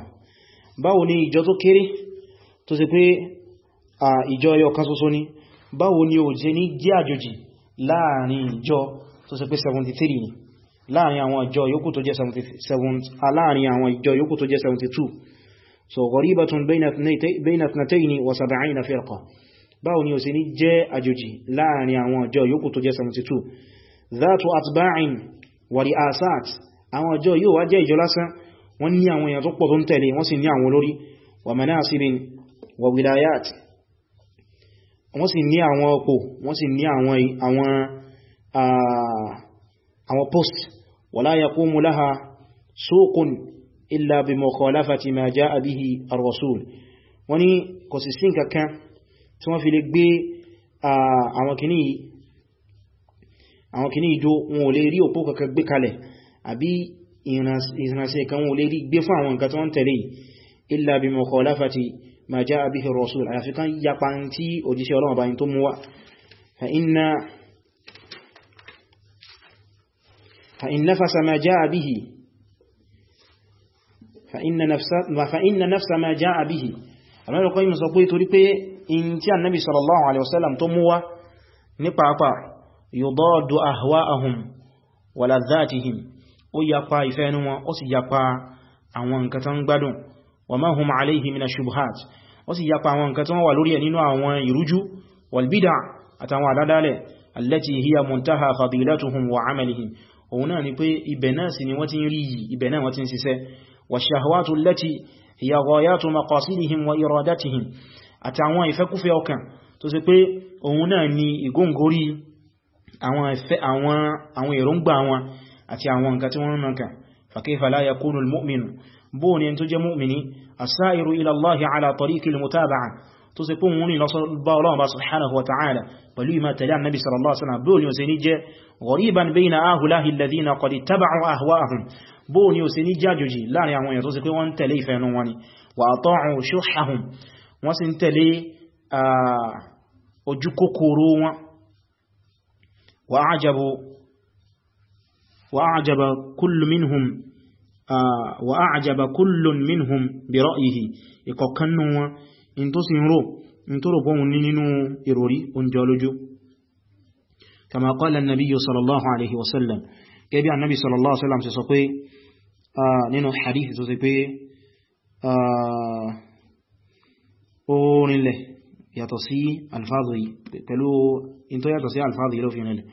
báwo ni ìjọ tó kéré tó sì pé à ìjọ ẹyọ kan ṣoṣo ni 73 láàrin àwọn ìjọ yòókù tó jẹ́ 72 so gharibatun bayna ithnatayn wa sab'ina firqa báwo ni ó ṣe ní jẹ́ àjòjì láàrin àwọn ọjọ́ yòókù tó jẹ́ 72 dhatu atba'in wa ri'asat àwọn ọjọ́ yóò wá jẹ́ ìjọ lásán wọ́n ní àwọn èèyàn tó pọ̀ tó ń tẹ̀lé wọ́n sì ní àwọn wa manasibin wa wilayat wọ́n sì ní àwọn ọ̀pọ̀ wọ́n sì ní àwọn ah, post wala yaqumu laha suqun illa bi mukhalafati ma jaa bihi ar-rasul wọ́n ní kò sí sin kankan tí wọ́n fi lè gbé àwọn kìíní àwọn kìíní ìjó wọn ò lè rí òpó kankan gbé kalẹ̀ àbí ìrìnàṣẹ́ kan wọn ò lè rí gbé fún àwọn nǹkan tó ń tẹ̀lé illa bi mukhalafati ma jaa bihi ar àyàfi kan yapa tí òjíṣẹ́ ọlọ́run فإن نفس فإن نفس ما جاء به àwọn olùkọ́ yìí sọ pé torí pé in tí annabi sallallahu alaihi wasallam tó mú wá ní pàápàá yudadu ahwaahum wa ladhatihim ó yapa ìfẹ́ ẹnu wọn ó sì yapa àwọn nǹkan tán gbádùn wa ma hum alaihi min ash-shubuhat ó sì yapa àwọn nǹkan tán wà lórí ẹ̀ nínú àwọn ìrújú wal bid'a hiya muntaha fadilatuhum wa amalihim òun náà ni pé ibẹ̀ náà sì ni wọ́n ti ń rí yìí náà wọ́n ti ń ṣiṣẹ́ والشهوات التي هي غايات مقاصدهم وإرادتهم àtàwọn ìfẹ́kúfẹ́ ọkàn tó ṣe pé òun náà ni ìgóngórí àwọn èròǹgbà wọn àti àwọn nǹkan tí wọ́n ń nǹkan فكيف لا يكون المؤمن bóò ni tó jẹ́ mọ́mìnì السائر إلى الله على طريق المتابعة tó ṣe pé wọ́n rìn lọ́sọ́bá ọlọ́run bá subhanahu wa ta'ala pẹ̀lú ìmá tẹ̀lé annabi sallallahu alaihi wasallam bóò ni ó ṣe ní jẹ́ ghariban bayna ahulahi alladhina qad ittaba'u ahwa'ahum bóò ni ó ṣe ní jájòjì láàrin àwọn èèyàn tó ṣe pé wọ́n minhum wa a'jaba kullun minhum bi ra'yihi ìkọ̀kan wọn in tó sì ń rò in tó rò bọ́hun ní nínú ìròrí oúnjẹ olójú kama qala an-nabiy sallallahu alaihi wasallam gẹ́bí annabi sallallahu alaihi wasallam ṣe sọ pé nínú hadith tó sì pé orinlẹ̀ yàtọ̀ sí alfáàzù yìí pẹ̀lú in tó yàtọ̀ sí alfáàzù yìí ló fi nílẹ̀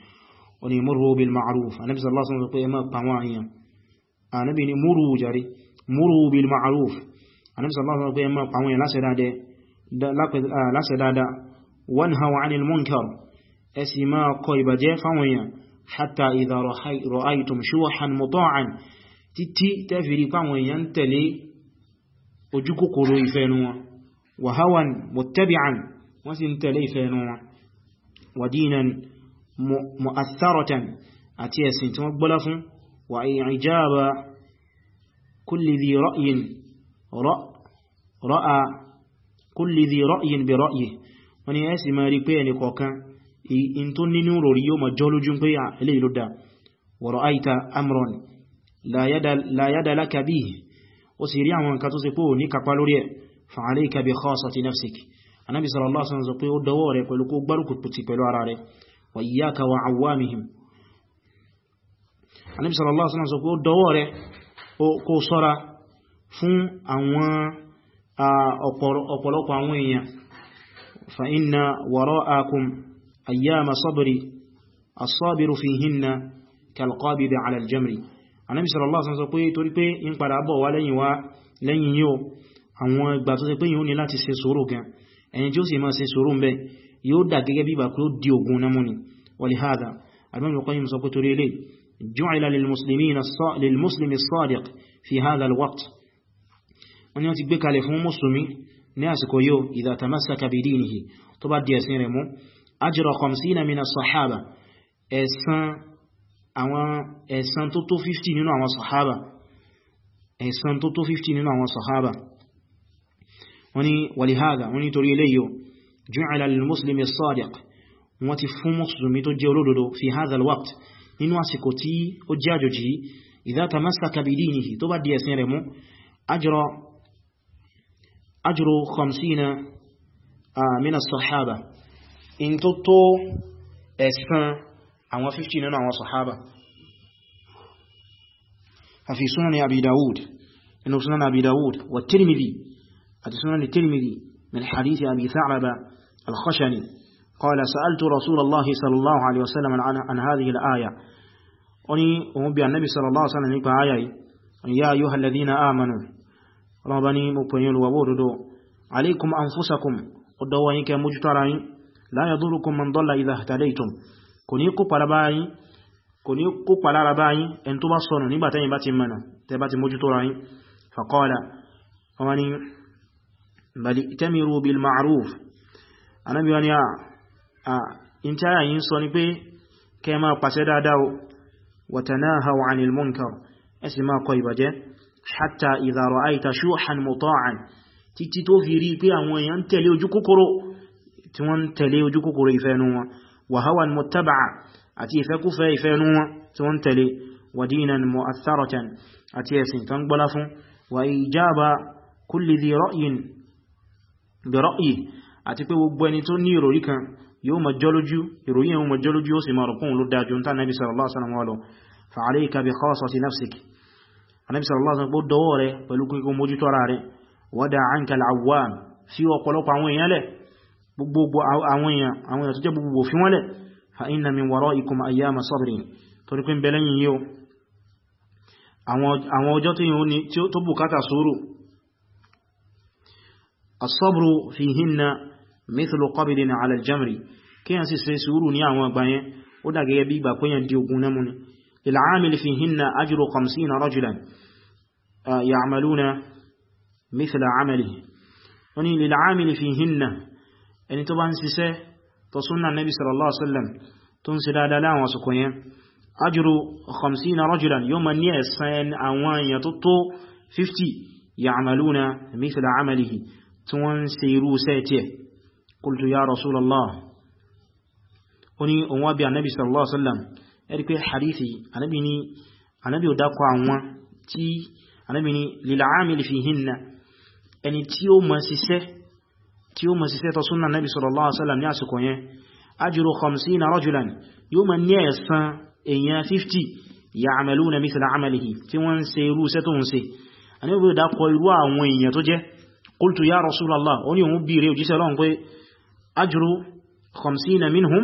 o ni murhu bil ma'ruf annabi sallallahu alaihi wasallam sọ pé ẹ má pa annabi ni murhu jari murhu bil ma'ruf annabi sallallahu alaihi wasallam sọ pé ẹ má pa wọ́n àyàn لاكي دادا آه، وانهوا عن المنكر اسما كوي بجي فاويا حتى اذا رحي رايتم شوحا مطاعا تتي تفيري فاويا تلي وجوكو كوروي فينوا وهوا متبعا وسن تلي فينوا ودينا مؤثرة اتي سنت مقبلف واعجاب كل ذي راي راى kulli dhi ra'yin bi ra'yihi wọ́n ni ẹ́sì máa rí pé ẹni kọ̀ọ̀kan in tó nínú rọrí yóò ma jọ lójú pé ilé ìlú da wa ra'ayta amran la yada laka bihi ó sì rí àwọn nǹkan tó sì pé ò ní kapa lórí ẹ̀ fa alayka bi khassati nafsik anábi sọ pé ó dọwọ́ rẹ̀ pẹ̀lú kó gbárùkù ọ̀pọ̀lọpọ̀ àwọn èèyàn fa inna wara'akum ayyama sabri as-sabiru fihinna kalqabidi ala al-jamri Ànábì sallallahu alaihi wasallam sọ pé torí pé in padà bọ̀ wá lẹ́yìn wá lẹ́yìn yíò àwọn ìgbà tó ṣe pé yíò ní láti ṣe sùúrù gan ẹni tí ó sì máa ṣe sùúrù ń bẹ yóò dà wọ́n ni wọ́n ti gbé kalẹ̀ fún mùsùlùmí ní àsìkò yóò idha tamassaka bi dinihi tó bá di ẹ̀sìn rẹ̀ mú ajra khamsina mina sahaba ẹ̀san àwọn ẹ̀san tó tó 50 nínú àwọn sahaba ẹ̀san tó tó 50 nínú àwọn sahaba wọ́n ni walihada wọ́n ni torí eléyìí ju'ala lil muslimi as أجر خمسين آه، من الصحابة إن تطو أسفن عن وففتين عن صحابة ففي سنن أبي داود إنه سنن أبي داود والترمذي أتي سنن الترمذي من حديث أبي ثعلبة الخشني قال سألت رسول الله صلى الله عليه وسلم عن, عن هذه الآية وني أمبي النبي صلى الله عليه وسلم يقول آية يا أيها الذين آمنوا ọlọ́ọ̀bá ní mo pè yín olùwàwó òdodo alaykum anfusakum ọdọ́wọ́ yín kẹ mójútó ara yín la yadurukum man dalla idha ihtadaytum kò ní kó palára bá yín ẹni tó bá sọnù nígbàtẹ́yìn bá ti mẹ́nà hatta idha ra'aita shuhan muta'an títí tó fi rí pé àwọn èèyàn tẹ̀lé ojú kòkòrò tí wọ́n tẹ̀lé ojú kòkòrò ìfẹ́nu wọn wa hawan muttaba'a àti ìfẹ́kúfẹ́ ìfẹ́nu wọn tí wọ́n tẹ̀lé wa dinan mu'atharatan àti ẹ̀sìn tán gbọ́lá fún wa ijaba kulli dhi ra'yin bi ra'yi àti pé gbogbo ẹni khasati nafsik anábi sallallahu alaihi wasallam pé dọwọ́ rẹ pẹ̀lú kíkọ mójútó ara rẹ wada anka al sí ọ̀pọ̀lọpọ̀ àwọn èèyàn lẹ̀ gbogbo àwọn èèyàn tó jẹ́ gbogbo fi wọ́n lẹ̀ fa inna min waraikum ayyama sabrin torí pé ní tí ó bùkátà sùúrù àwọn للعامل فيهن أجر خمسين رجلا يعملون مثل عمله وني للعامل فيهن أن تبان سيسة تصنع النبي صلى الله عليه وسلم تنسي لا لا لا أجر خمسين رجلا يوم أن يأسان أوان يتطو 50 يعملون مثل عمله تنسي روساتي قلت يا رسول الله وني أوابي النبي صلى الله عليه وسلم ẹ̀rí pé hadithi anábi ni anábi ò dákọ àwọn tí anábi ni lil'amili fihinna ẹni tí ó mọ̀ ṣiṣẹ́ tí ó mọ̀ ṣiṣẹ́ tó súnnà nábi sallallahu alaihi wasallam ní àsìkò yẹn ajru khamsina rajulan yóò mọ̀ ní ẹ̀san èèyàn 50 ya'maluna mithla 'amalihi tí wọ́n ṣe irú iṣẹ́ tó ń ṣe anábi ò dákọ irú àwọn èèyàn tó jẹ́ qultu ya rasulallah ó ní òun bí rẹ̀ òjíṣẹ́ lọ́n pé ajru khamsina minhum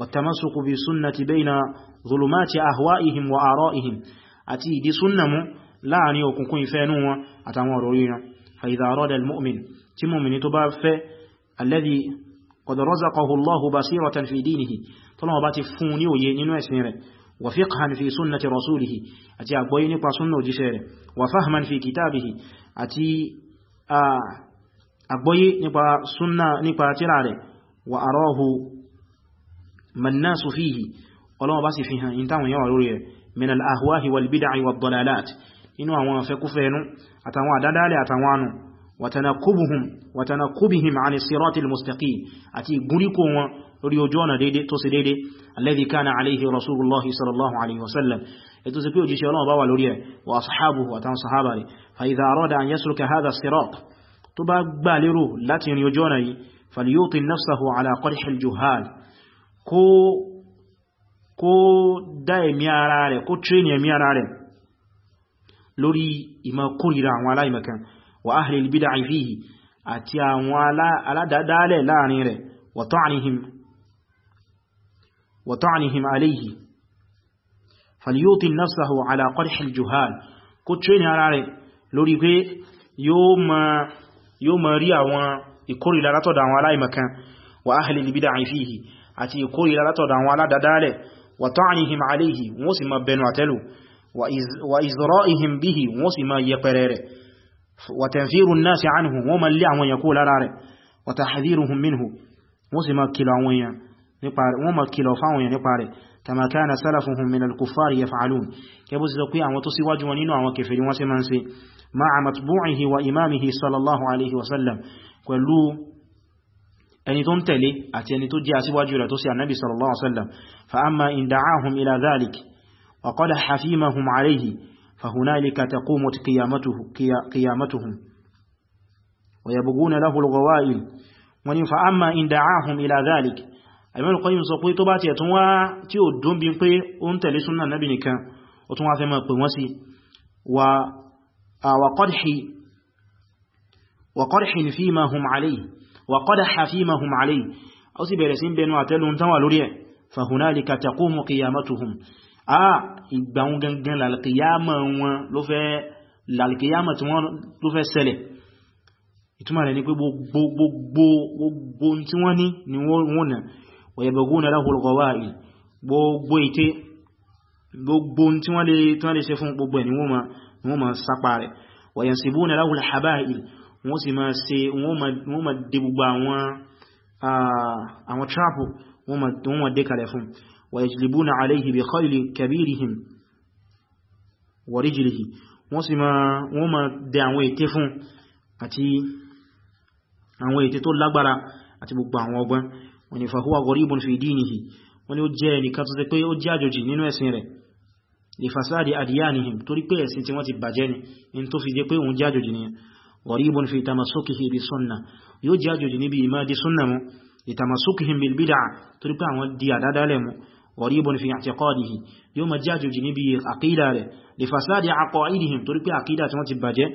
والتمسك بسنة بين ظلمات أهوائهم وآرائهم أتي دي سنة لا عني وكنكون فانوا أتعوى رؤينا فإذا أراد المؤمن تم تمؤمن تبافى الذي قد رزقه الله بصيرة في دينه طالما باتي فوني وينينو اسمره وفقها في سنة رسوله أتي أبويني بسنة جسره وفهما في كتابه أتي أبوي نبا سنة نبا تراره وأراه mannasu fihi ọlọ́wọ́ bá sì fi hàn ìtàwọn yawon lórí rẹ̀ min al'ahuwahi walbida'i wa dalalat inú àwọn fẹ́kúfẹ́nu àtàwọn àdádálẹ̀ àtàwọn anù watanakubuhum watanakubihim an siratil mustaqim àti guriko wọn lórí ojú ọ̀nà dédé tó sì dédé alladhi kana alayhi rasulullah sallallahu alayhi wasallam ètò sí pé òjíṣẹ́ ọlọ́run bá wà lórí ẹ̀ wa ashabuhu àtàwọn sahaba rẹ̀ kó kó dá ẹ̀mí ara rẹ̀ kó tréní ẹ̀mí ara rẹ̀ lórí ìmọ̀ kórìíra àwọn aláìmọ̀kan wa ahlil bid'ah fihi àti àwọn aládádálẹ̀ láàrin rẹ̀ wa ta'nihim wa ta'nihim alayhi falyutin nafsahu ala qadhil juhal kó tréní ara rẹ̀ lórí pé yóò máa rí àwọn ìkórìíra látọ̀dọ̀ àwọn aláìmọ̀kan wa ahlil bid'ah fihi àti ìkórìíra látọ̀dọ̀ àwọn aládádálẹ̀ wa ta'nihim alayhi wọ́n sì máa bẹnu àtẹ́lù wa izra'ihim bihi wọ́n sì máa yẹpẹrẹ rẹ̀ wa tanfiru an-nasi anhu wọ́n máa lé àwọn èèyàn lára rẹ̀ wa tahdhiruhum minhu wọ́n ẹni tó ń tẹ̀lé àti ẹni tó jẹ́ aṣíwájú rẹ̀ tó sí annabi sallallahu alaihi wasallam fa amma in da'ahum ila dhalik wa qad hafimahum alayhi fa hunalika taqumu qiyamatuhu qiyamatuhum wa wa in fa amma wa qadhi wa qadhi hum alayhi وقد حفيمهم عليه ó sì bẹ̀rẹ̀ sí ń bẹnu àtẹ́lù tán wà lórí ẹ̀ فهنالك تقوم قيامتهم a ìgbàun gangan lalkiyama wọn ló fẹ́ lalkiyama tí wọ́n ló fẹ́ ṣẹlẹ̀ ìtumà rẹ̀ ni pé gbogbo tí wọ́n ní ni wọ́n nà wọ́n lè ṣe wọ́n sì máa ṣe wọ́n máa dé gbogbo àwọn trapu wọ́n máa dé kalẹ̀ fún wa yajlibuna alayhi bi khayli kabirihim wa rijlihi wọ́n sì máa dé àwọn ète fún àti àwọn ète tó lágbára àti gbogbo àwọn ọgbọ́n wọ́n ni fahuwa gharibun fi dinihi wọ́n ni ó jẹ́ ẹnìkan tó ṣe pé ó jẹ́ àjòjì nínú ẹ̀sìn rẹ̀ lè fasadi adiyanihim torí pé ẹ̀sìn tí wọ́n ti bàjẹ́ ni in tó fi jẹ́ pé òun jẹ́ àjòjì nìyàn غريب في تمسكه بالسنة يجاج جنبي ما دي سنة لتمسكهم بالبدع تلقى ودي عدد لهم غريب في اعتقاده يوم جاج جنبي عقيدة لفساد عقائدهم تلقى عقيدة تباجة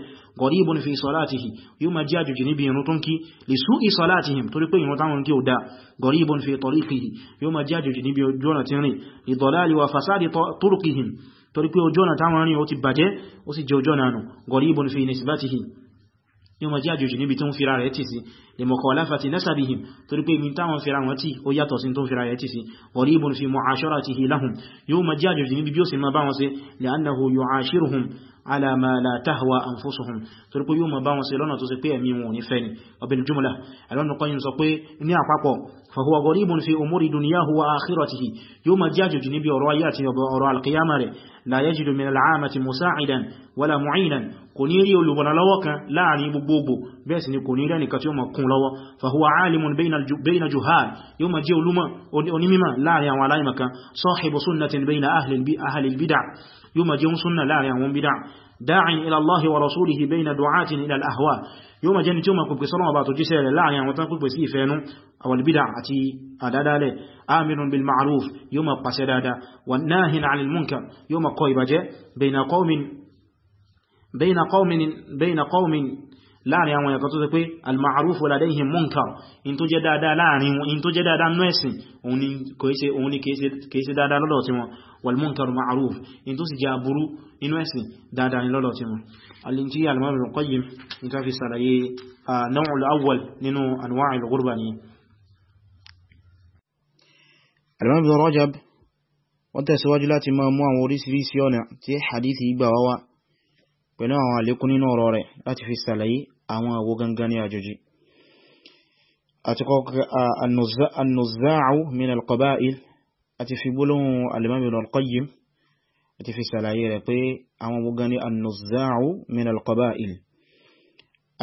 غريب في صلاته يوم جاج جنبي نطنك لسوء صلاتهم تلقى نطنك ودا غريب في طريقه يوم جاج جنبي جونة لضلال وفساد طرقهم تلقى جونة تامرني وتباجة وسجو جونة غريب في نسبته ní ọmọ jẹ́ àjòjì níbi tó ń fira rẹ̀ tì sí lè mọ̀kọ̀ aláfàtí nasabihim torí pé mi táwọn fira wọn tí ó yàtọ̀ sí tó ń fira rẹ̀ tì sí wọ̀rí ibùn fi mu'asharatihi lahum yóò mọ̀ jẹ́ àjòjì níbi bí ó sì máa bá wọn ṣe li'annahu yu'ashiruhum ala ma la tahwa anfusuhum torí pé yóò mọ̀ bá wọn ṣe lọ́nà tó ṣe pé ẹ̀mí wọn ò ní fẹ́ ọbẹ̀ jùmọ̀lá Ibn Qayyim sọ pé ní àpapọ̀ fahuwa gharibun fi umuri dunyahu wa akhiratihi yóò mọ̀ jẹ́ àjòjì níbi ọ̀rọ̀ ayé àti ọ̀rọ̀ alqiyama rẹ̀ la yajidu min al'amati musa'idan wala mu'inan kò ní rí olùbọ̀nà lọ́wọ́ kan láàrin gbogbogbò bẹ́ẹ̀ sì ni kò ní rí ẹnìkan tí ó mọ̀ kún lọ́wọ́ fahuwa alimun bayna juhal yóò ma jẹ́ olúmọ̀ onímímọ̀ láàrin àwọn aláìmọ̀kan sahibu sunnatin bayna ahlil bid'a yóò ma jẹ́ un sunna láàrin àwọn bid'a da'in ila Allahi wa rasulihi bayna du'atin ila al-ahwa yóò ma jẹ́ ni tí ó ma kùnkùn sọ́nà ọba tó jíṣẹ́ rẹ̀ láàrin àwọn tán kùnkùn sí ìfẹ́nu àwọn bid'a àti àdádálẹ̀ amirun bil ma'ruf yóò ma pàṣẹ dáadáa wa nahin 'anil yóò ma kọ ìbàjẹ́ bayna qawmin بين قوم بين قوم láàrin àwọn ẹ̀kan tó ṣe pé al-ma'ruf ladayhim munkar in tó jẹ́ dáadáa láàrin wọn in tó jẹ́ dáadáa nínú ẹ̀sìn òun ni kìí ṣe dáadáa lọ́dọ̀ tí wọn wal-munkar ma'ruf in tó sì jẹ́ aburú inú ẹ̀sìn dáadáa ní lọ́dọ̀ tí wọn alìntí al-imam al-qayyim in ta pẹ̀lú àwọn àlékún nínú ọ̀rọ̀ rẹ̀ láti fi sàlàyé àwọn àwo gangan ní àjòjì àtikọ́ annuzza'u min alqaba'il àti fi gbólóhùn al-Imam Ibn al-Qayyim àti fi sàlàyé rẹ̀ pé àwọn àwo gangan ní annuzza'u min alqaba'il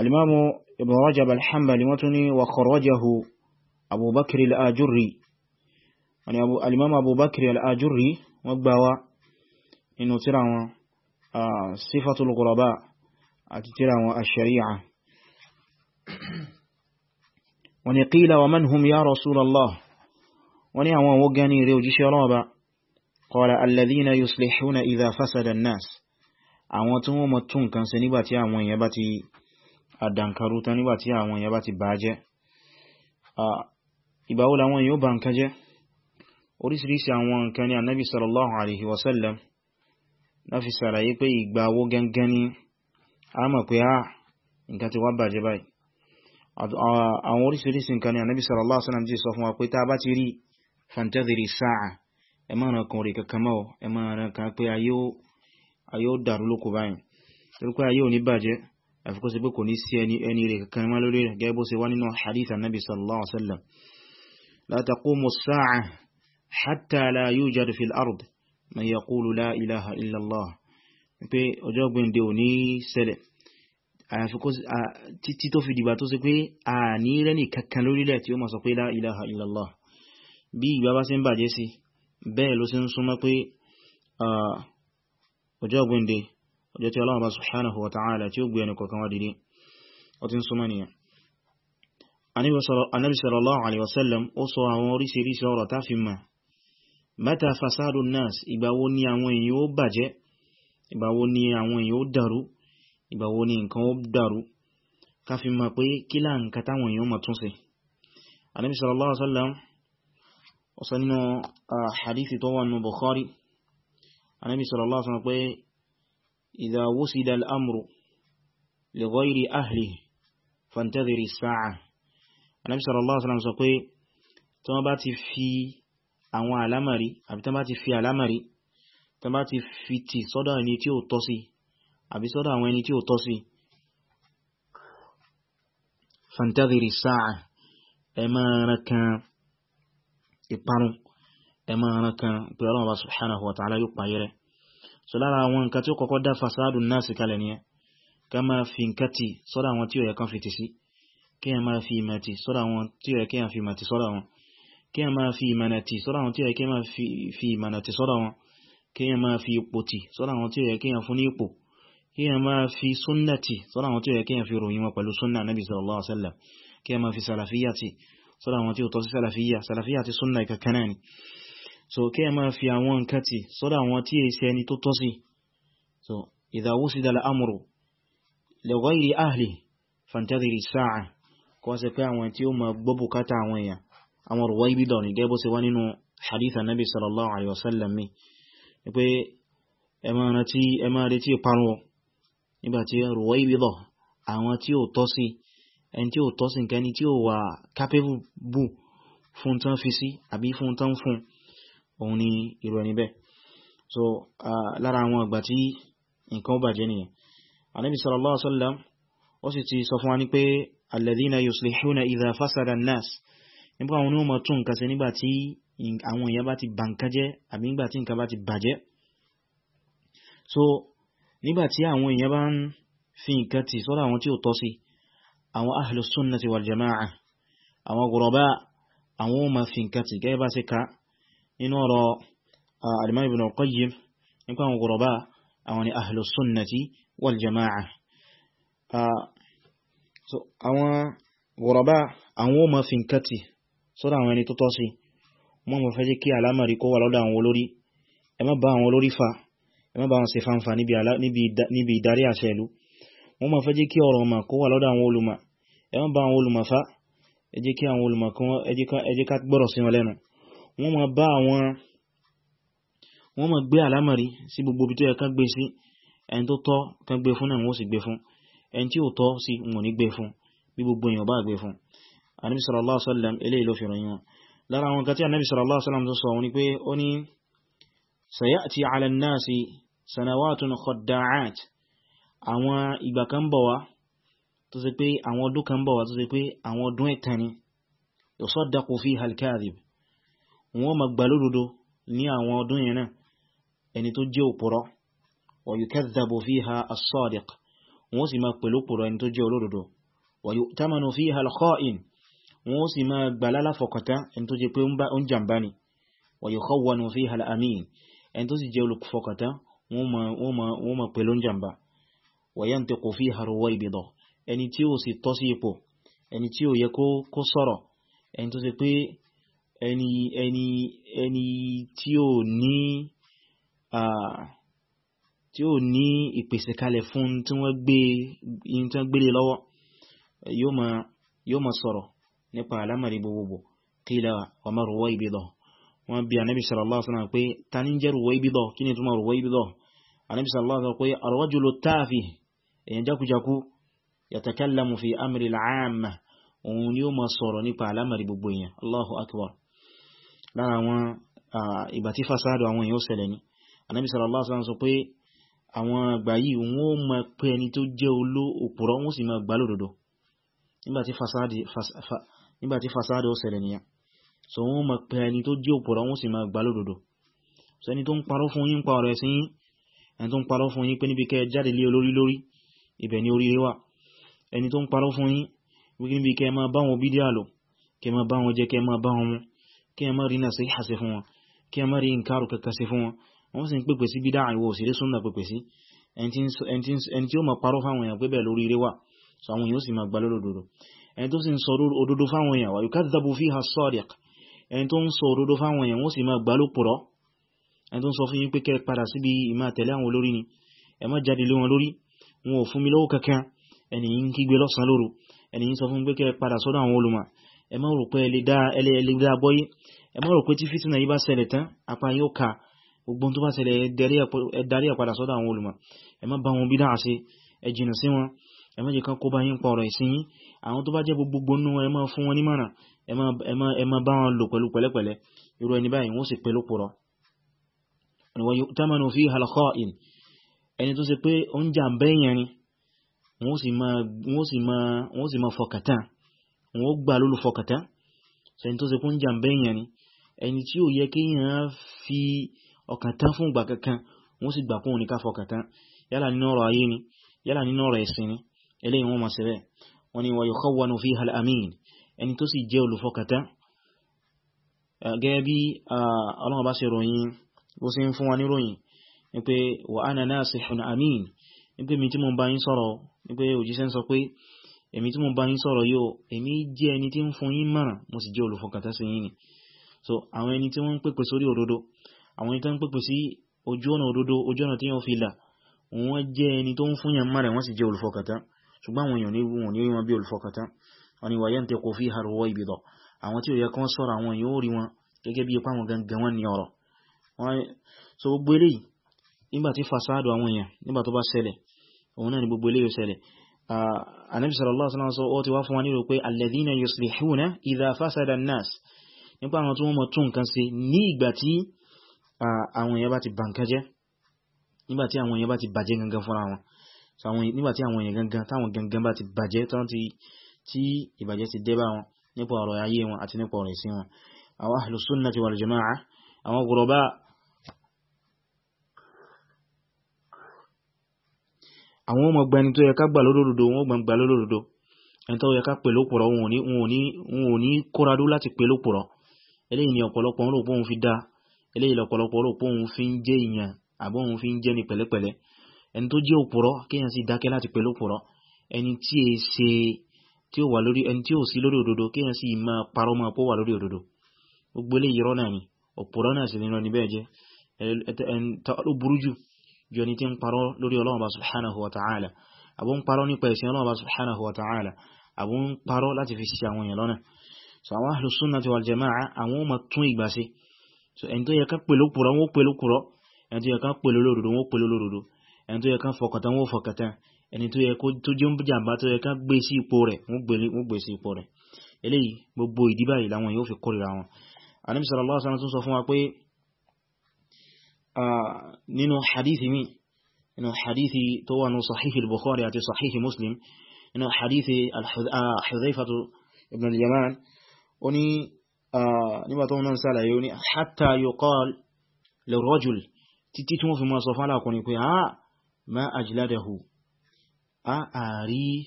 al-Imam Ibn Rajab al-Hanbali wọ́n tún ní wa kharajahu Abubakar al-Ajurri wọ́n gbáwa inú tíra wọn sífàtul ghuraba àti tíra wọn ash-shari'a wọ́n ni qila wa man hum ya rasulallah wọ́n ni àwọn owó gani rẹ̀ òjíṣẹ́ ọlọ́ọ̀bá qala alladhina yuslihuna idha fasada an-nas àwọn tí wọ́n mọ̀ tún nǹkan ṣe nígbàtí àwọn èèyàn bá ti àdànkarú nígbàtí àwọn èèyàn bá ti bàjẹ́ ìbáwó làwọn èèyàn ó bà nǹkan jẹ́ oríṣiríṣi àwọn nǹkan ni annabi sallallahu alaihi wasallam náà fi sàlàyé pé ìgbà owó gẹ́gẹ́ ní a mọ̀ pé a ah, nǹkan ti wá bàjẹ́ báyìí àwọn orísìírísìí nǹkan ni ànábì sallallahu alaihi wasallam jí sọ fún wa pé tá bá ti rí fantaziri sáà ẹ má ràn kan rí kankan mọ́ ẹ má ràn kan pé a yóò dàrú lókò báyìí torí pé a yóò ní bàjẹ́ àfikọ́ sí man yaqulu لا إله إلا الله. ọjọ́ gbẹ̀ndẹ̀ ò ní ṣẹlẹ̀ àyàfi kó títí tó fi dìgbà tó sì pé a ní rẹ́nì kankan lórílẹ̀ tí ó ma sọ pé la ilaha illallah bí ìgbà bá sí ń bàjẹ́ sí bẹ́ẹ̀ ló sì ń súnmọ́ pé ọjọ́ gbẹ̀ndẹ̀ ọjọ́ tí Ọlọ́run bá subhanahu wa ta'ala tí ó gbé ẹni kọ̀kan wá dìde ó ti ń súnmọ́ nìyàn sallallahu alaihi wasallam ó sọ àwọn oríṣiríṣi ọ̀rọ̀ tá fi mọ̀ mata fasadu nas ìgbàwo ni àwọn èèyàn ó bàjẹ́ ìgbàwo ni àwọn èèyàn ó dàrú ìgbàwo ni nǹkan ó dàrú ká fi mọ̀ pé kí lá nǹkan táwọn èèyàn mọ̀ tún ṣe Ànábì sallallahu alaihi wasallam ó sọ nínú hadithi tó wà nínú Bukhari Ànábì sallallahu alaihi wasallam pé idha wusida al-amru li ghayri ahlihi fantadhiri as-sa'a Ànábì sallallahu alaihi sọ pé tí wọ́n bá ti fi àwọn àlámàrí àbí tán bá ti fi àlámàrí tán bá ti fi tì sọ́dọ̀ ẹni tí ó tọ́ sí àbí sọ́dọ̀ àwọn ẹni tí ó tọ́ sí fantadhiri sáà ẹ máa ran kan ìparun ẹ máa ran kan pé Ọlọ́run bá subhanahu wa ta'ala yóò payẹ́rẹ́ so lára àwọn nǹkan tí ó kọ́kọ́ dá fasádù náà sí kalẹ̀ nìyẹn ká máa fi nǹkan tì sọ́dọ̀ àwọn tí ó yẹ kan fi tì sí kí ẹ máa fi ìmọ̀ tì sọ́dọ̀ àwọn tí ó yẹ kí ẹ fi ìmọ̀ tì sọ́dọ̀ àwọn kí a máa fi ìmọ̀nà tì sọ́dọ̀ àwọn tí ó yẹ kí a máa fi ìmọ̀nà tì sọ́dọ̀ wọn kí a máa fi ipò tì sọ́dọ̀ àwọn tí ó yẹ kí a fún ní ipò kí a máa fi súnnà tì sọ́dọ̀ àwọn tí ó yẹ kí a fi ròyìn wọn pẹ̀lú súnnà nabi sallallahu alaihi wasallam kí a máa fi sàlàfíyà tì sọ́dọ̀ àwọn tí ó tọ́ sí sàlàfíyà sàlàfíyà àti súnnà kankan náà ni so kí a máa fi àwọn nǹkan tì sọ́dọ̀ àwọn tí è ṣe ẹni tó tọ́ sí so idha wusida al-amru li ghayri ahli fantadhiri as-sa'a kọ́ sí pé àwọn tí ó máa gbọ́ bùkátà àwọn èèyàn àwọn Ruwaybida ní gẹ́bọ́ sí wá nínú hadith Nabi sallallahu alaihi wasallam mi pé ẹ máa retí ìparun nígbàtí Ruwaybida àwọn tí ó tọ́ sí ẹni tí ó tọ́ sí nǹkan ni tí ó wà capable fún tán fi sí àbí fún tán fún òun ni irú ẹni bẹ́ẹ̀ so lára àwọn àgbà tí nǹkan ó bàjẹ́ nìyẹn Ànábì sallallahu alaihi wasallam ó sì ti sọ fún wa ní pé alladhina yuslihuna idha fasada an-nas nípa àwọn oníwọ̀n tún nǹkan ṣe nígbà tí àwọn èèyàn bá ti bà nǹkan jẹ́ àbí nígbà tí nǹkan bá ti bàjẹ́ so nígbà tí àwọn èèyàn bá ń fi nǹkan tì sọ́dọ̀ àwọn tí ó tọ́ sí àwọn ahlus sunnati wal jama'a àwọn gùrọ̀bá àwọn ó máa fi nǹkan tì gẹ́gẹ́ bá ṣe ká nínú ọ̀rọ̀ al-Imam Ibn nípa àwọn gùrọ̀bá àwọn ni ahlus sunnati wal jama'a àwọn gùrọ̀bá àwọn ó máa fi nǹkan tì sọ́dọ̀ àwọn ẹni tó tọ́ sí wọ́n mọ̀ fẹ́ jẹ́ kí àlámọ̀rí kó wà lọ́dọ̀ àwọn olórí ẹ má bá àwọn olórí fa ẹ má bá wọn ṣe fanfa níbi ìdarí àṣẹ ìlú wọ́n mọ̀ fẹ́ jẹ́ kí ọ̀rọ̀ ọmọ kó wà lọ́dọ̀ àwọn olùmọ̀ ẹ má bá àwọn olùmọ̀ fa ẹ jẹ́ kí àwọn olùmọ̀ kan ẹ jẹ́ ká gbọ́rọ̀ sí wọn lẹ́nu wọ́n mọ̀ bá àwọn anábi sallallahu alaihi wasallam ilé ìlò fi ròyìn wọn lára àwọn kan tí anábi sallallahu alaihi wasallam tó sọ wọn ni pé ó ní sayati ala nasi sanawatun khadda'at àwọn ìgbà kan bọ̀ wá tó ṣe pé àwọn ọdún kan bọ̀ wá tó ẹni tó jẹ́ òpùrọ́ wa yukadhdhabu fiha as-sadiq wọ́n sì ma pẹ̀lú òpùrọ́ ẹni tó jẹ́ olódodo wa yu'tamanu fiha al-kha'in wọn ó sì máa gbà lálàfọ̀kọ̀tá ẹni tó jẹ pé ó ń jàmbá ni wa yukhawwanu fiha al-amin ẹni tó sì jẹ́ olùfọ̀kọ̀tá wọ́n mọ̀ pẹ̀lú jàmbá wa yantiqu fiha ar-ruwaybida ẹni tí ó sì tọ́ sí ipò ẹni tí ó yẹ kó sọ̀rọ̀ ẹni tó sì pé ẹni tí ó ní ìpèsè kalẹ̀ fún tí wọ́n gbé lọ́wọ́ yóò máa sọ̀rọ̀ nípa alámàrí gbogbogbò qila wa ma Ruwaybida wọ́n bí anábi sallallahu alaihi wasallam pé ta ní jẹ́ Ruwaybida kí ni túnmọ̀ Ruwaybida anábi sallallahu alaihi wasallam pé ar-rajulu at-tafih èyàn jákujáku yatakallamu fi amri al-'amma òun ni ó ma sọ̀rọ̀ nípa alámàrí gbogbo èyàn Allahu akbar lára àwọn ìgbà tí fasádọ̀ àwọn èyàn ó ṣẹlẹ̀ ni anábi àgbà yìí wọ́n ma pé ẹni tó jẹ́ olóòpùrọ́ wọ́n sì ma gbà lódodo nígbàtí fasádì nígbà tí fasádà ó ṣẹlẹ̀ nìyà so wọ́n ma pẹ ẹni tó jẹ́ òpòrọ̀ wọ́n sì ma gbà lódodo so tó ń parọ́ fún yín pa ọ̀rọ̀ ẹ̀sìn yín ẹni tó ń parọ́ fún yín pé níbi kẹ jáde lé olórí lórí ibẹ̀ ni oríire wà ẹni tó ń parọ́ fún yín wíkí níbi kẹ máa bá wọn bídí àlò kẹ máa bá wọn jẹ kẹ máa bá wọn mu kẹ máa rí nàṣẹ ìhàṣẹ fún wọn kẹ máa rí nǹkarù kẹkẹsẹ fún wọn wọ́n sì ń pèpè sí bídá àìwọ̀ òṣèré súnà pèpè sí ẹni tí ó máa parọ́ fáwọn èèyàn pé bẹ́ẹ̀ lóríire wà so àwọn èèyàn ó sì máa gbà lódodo ẹni tó sì ń sọ òdodo fáwọn èèyàn wà yukadhabu fiha as-sadiq ẹni tó ń sọ òdodo fáwọn èèyàn wọ́n sì máa gbá lópùrọ́ ẹni tó ń sọ fún yín pé kẹ́ padà síbi ìmá tẹ̀lé àwọn olórí ni ẹ má jáde lé wọn lórí wọn ò fún mi lówó kankan ẹni yìí ń kígbe lọ́sàn-án lóru ẹni yìí sọ fún pé kẹ́ padà sọ́dọ̀ àwọn olùmọ̀ ẹ má rò pé ẹ lè dá bọ́yé ẹ má rò pé tí fìtínà yìí bá ṣẹlẹ̀ tán apá yóò ka gbogbo tó bá ṣẹlẹ̀ ẹ darí ẹ padà sọ́dọ̀ àwọn olùmọ̀ ẹ má bá wọn bídà ṣe ẹ jìnà sí wọn ẹ má jẹ́ kán kó bá yín pa ọ̀rọ̀ ìsìn àwọn tó bá jẹ́ gbogbo nú ẹ máa fún wọn nímọ̀ràn ẹ máa bá wọn lò pẹ̀lú pẹ̀lẹ́pẹ̀lẹ́ irú ẹni báyìí wọ́n sì pẹ̀lú pọ̀rọ̀ wa yu'tamanu fiha al-kha'in ẹni tó ṣe pé ó ń jà bẹ́yẹn ni wọ́n sì máa fọkàtà wọ́n gbà lólù fọkàtà ẹni tó ṣe pé ó ń ni ẹni tí ó yẹ kéèyàn fi ọkàn fún ìgbà kankan wọ́n sì gbà kún òní fọkàtà yálà nínú ọ̀rọ̀ ayé ni yálà nínú ọ̀rọ̀ ẹ̀sìn ni eléyìí wọ́n máa ṣe bẹ́ẹ̀ wọ́n ni wa yukhawwanu fiha al-amin ẹni tó sì jẹ́ olùfọkàtà gẹ́gẹ́ bí ọlọ́run bá ṣe ròyìn ó sì ń fún wa ní ròyìn ní pé wa ana nasihun amin ní pé mi tí mo èmi tí mo bá yín sọ̀rọ̀ yóò èmi jẹ́ ẹni tí ń fún yín mọ̀ràn mo sì jẹ́ olùfọkàtà sí yín ojú ọ̀nà òdodo ojú ọ̀nà tí yóò fi là wọ́n jẹ́ ẹni tó ń fún yàn mọ̀ràn wọ́n sì jẹ́ olùfọkàtà ṣùgbọ́n àwọn èèyàn wọn ní wọn bí olùfọkàntán wọn ni wàyẹ́ ń tẹ́kọ̀ fi àrò wọ ìbìdọ̀ àwọn tí ó yẹ kán sọ̀rọ̀ àwọn yóò rí wọn gẹ́gẹ́ bí ipá wọn gangan wọn ní ọ̀rọ̀ so gbogbo eléyìí nígbà tí fasádù àwọn èèyàn nígbà tó bá ṣẹlẹ̀ òun náà ni gbogbo eléyìí ṣẹlẹ̀ anabi sallallahu alaihi wasallam ó ti wá fún wa nílò pé alladhina yuslihuna idha fasada an-nas nípa àwọn tó mọ̀ tún nǹkan ṣe ní ìgbà tí àwọn èèyàn bá ti bà jẹ́ nígbà tí àwọn èèyàn bá ti bàjẹ́ gangan fúnra wọn nígbàtí àwọn èèyàn gangan táwọn gangan bá ti bàjẹ́ tán tí ìbàjẹ́ ti dé bá wọn nípa ọ̀rọ̀ ayé wọn àti nípa ọ̀rọ̀ ìsìn wọn àwọn ahlu sunnati wal jama'a àwọn gùrọ̀bá àwọn ọmọ gbani tó yẹ ká gbà lódòdó wọn gbà gbà lódòdó ẹni tó yẹ ká pè lópùrọ́ wọn ò ní kóradú láti pè lópùrọ́ eléyìí ni ọ̀pọ̀lọpọ̀ ń rò pé òun fi dá eléyìí lọ̀pọ̀lọpọ̀ rò pé òun fi ń jẹ́ ìyàn àbọ́ òun fi ń jẹ́ ní pẹ̀lẹ́pẹ̀lẹ́ ẹni tó jẹ́ òpùrọ́ kíyàn sí dákẹ́ láti pẹ̀lú òpùrọ́ ẹni tí è ṣe tí ó wà lórí ẹni tí ó sí lórí òdodo kíyàn sí máa parọ́ máa pọ́ wà lórí òdodo gbogbo ilé irọ́ náà ni òpùrọ́ náà sì nínú níbẹ̀ jẹ́ ló burú jù ju ẹni tí ń parọ́ lórí Ọlọ́run bá subhanahu wa ta'ala àbọ̀ ń parọ́ nípa ẹ̀sìn Ọlọ́run bá subhanahu wa ta'ala àbọ̀ ń parọ́ láti fi ṣe àwọn èèyàn lọ́nà so àwọn ahlu sunnati wal jama'a àwọn ó máa tún ìgbà sí so ẹni tó yẹ ká pẹ̀lú òpùrọ́ wọn ó pẹ̀lú òpùrọ́ ẹni tó yẹ ká pẹ̀lú olódodo wọn ó pẹ̀lú olódodo ẹni tó yẹ kán fọkàntán wọ́n fọkàntán ẹni tó yẹ tó jẹ́ ń jàmbá tó yẹ kán gbé sí ipò rẹ̀ wọ́n gbé sí ipò rẹ̀ eléyìí gbogbo ìdí báyìí làwọn yóò fi kórìíra wọn Ànábì sallallahu alaihi wasallam tún sọ fún wa pé nínú hadithi mi nínú hadithi tó wà ní sahihi al-Bukhari àti sahihi Muslim nínú hadithi al ibn al-Yaman ó ní nígbà tó náà sálàyé ó ní hatta yuqal lirrajul títí tí wọ́n fi máa sọ fún alákùnrin pé ah ما أجلده أري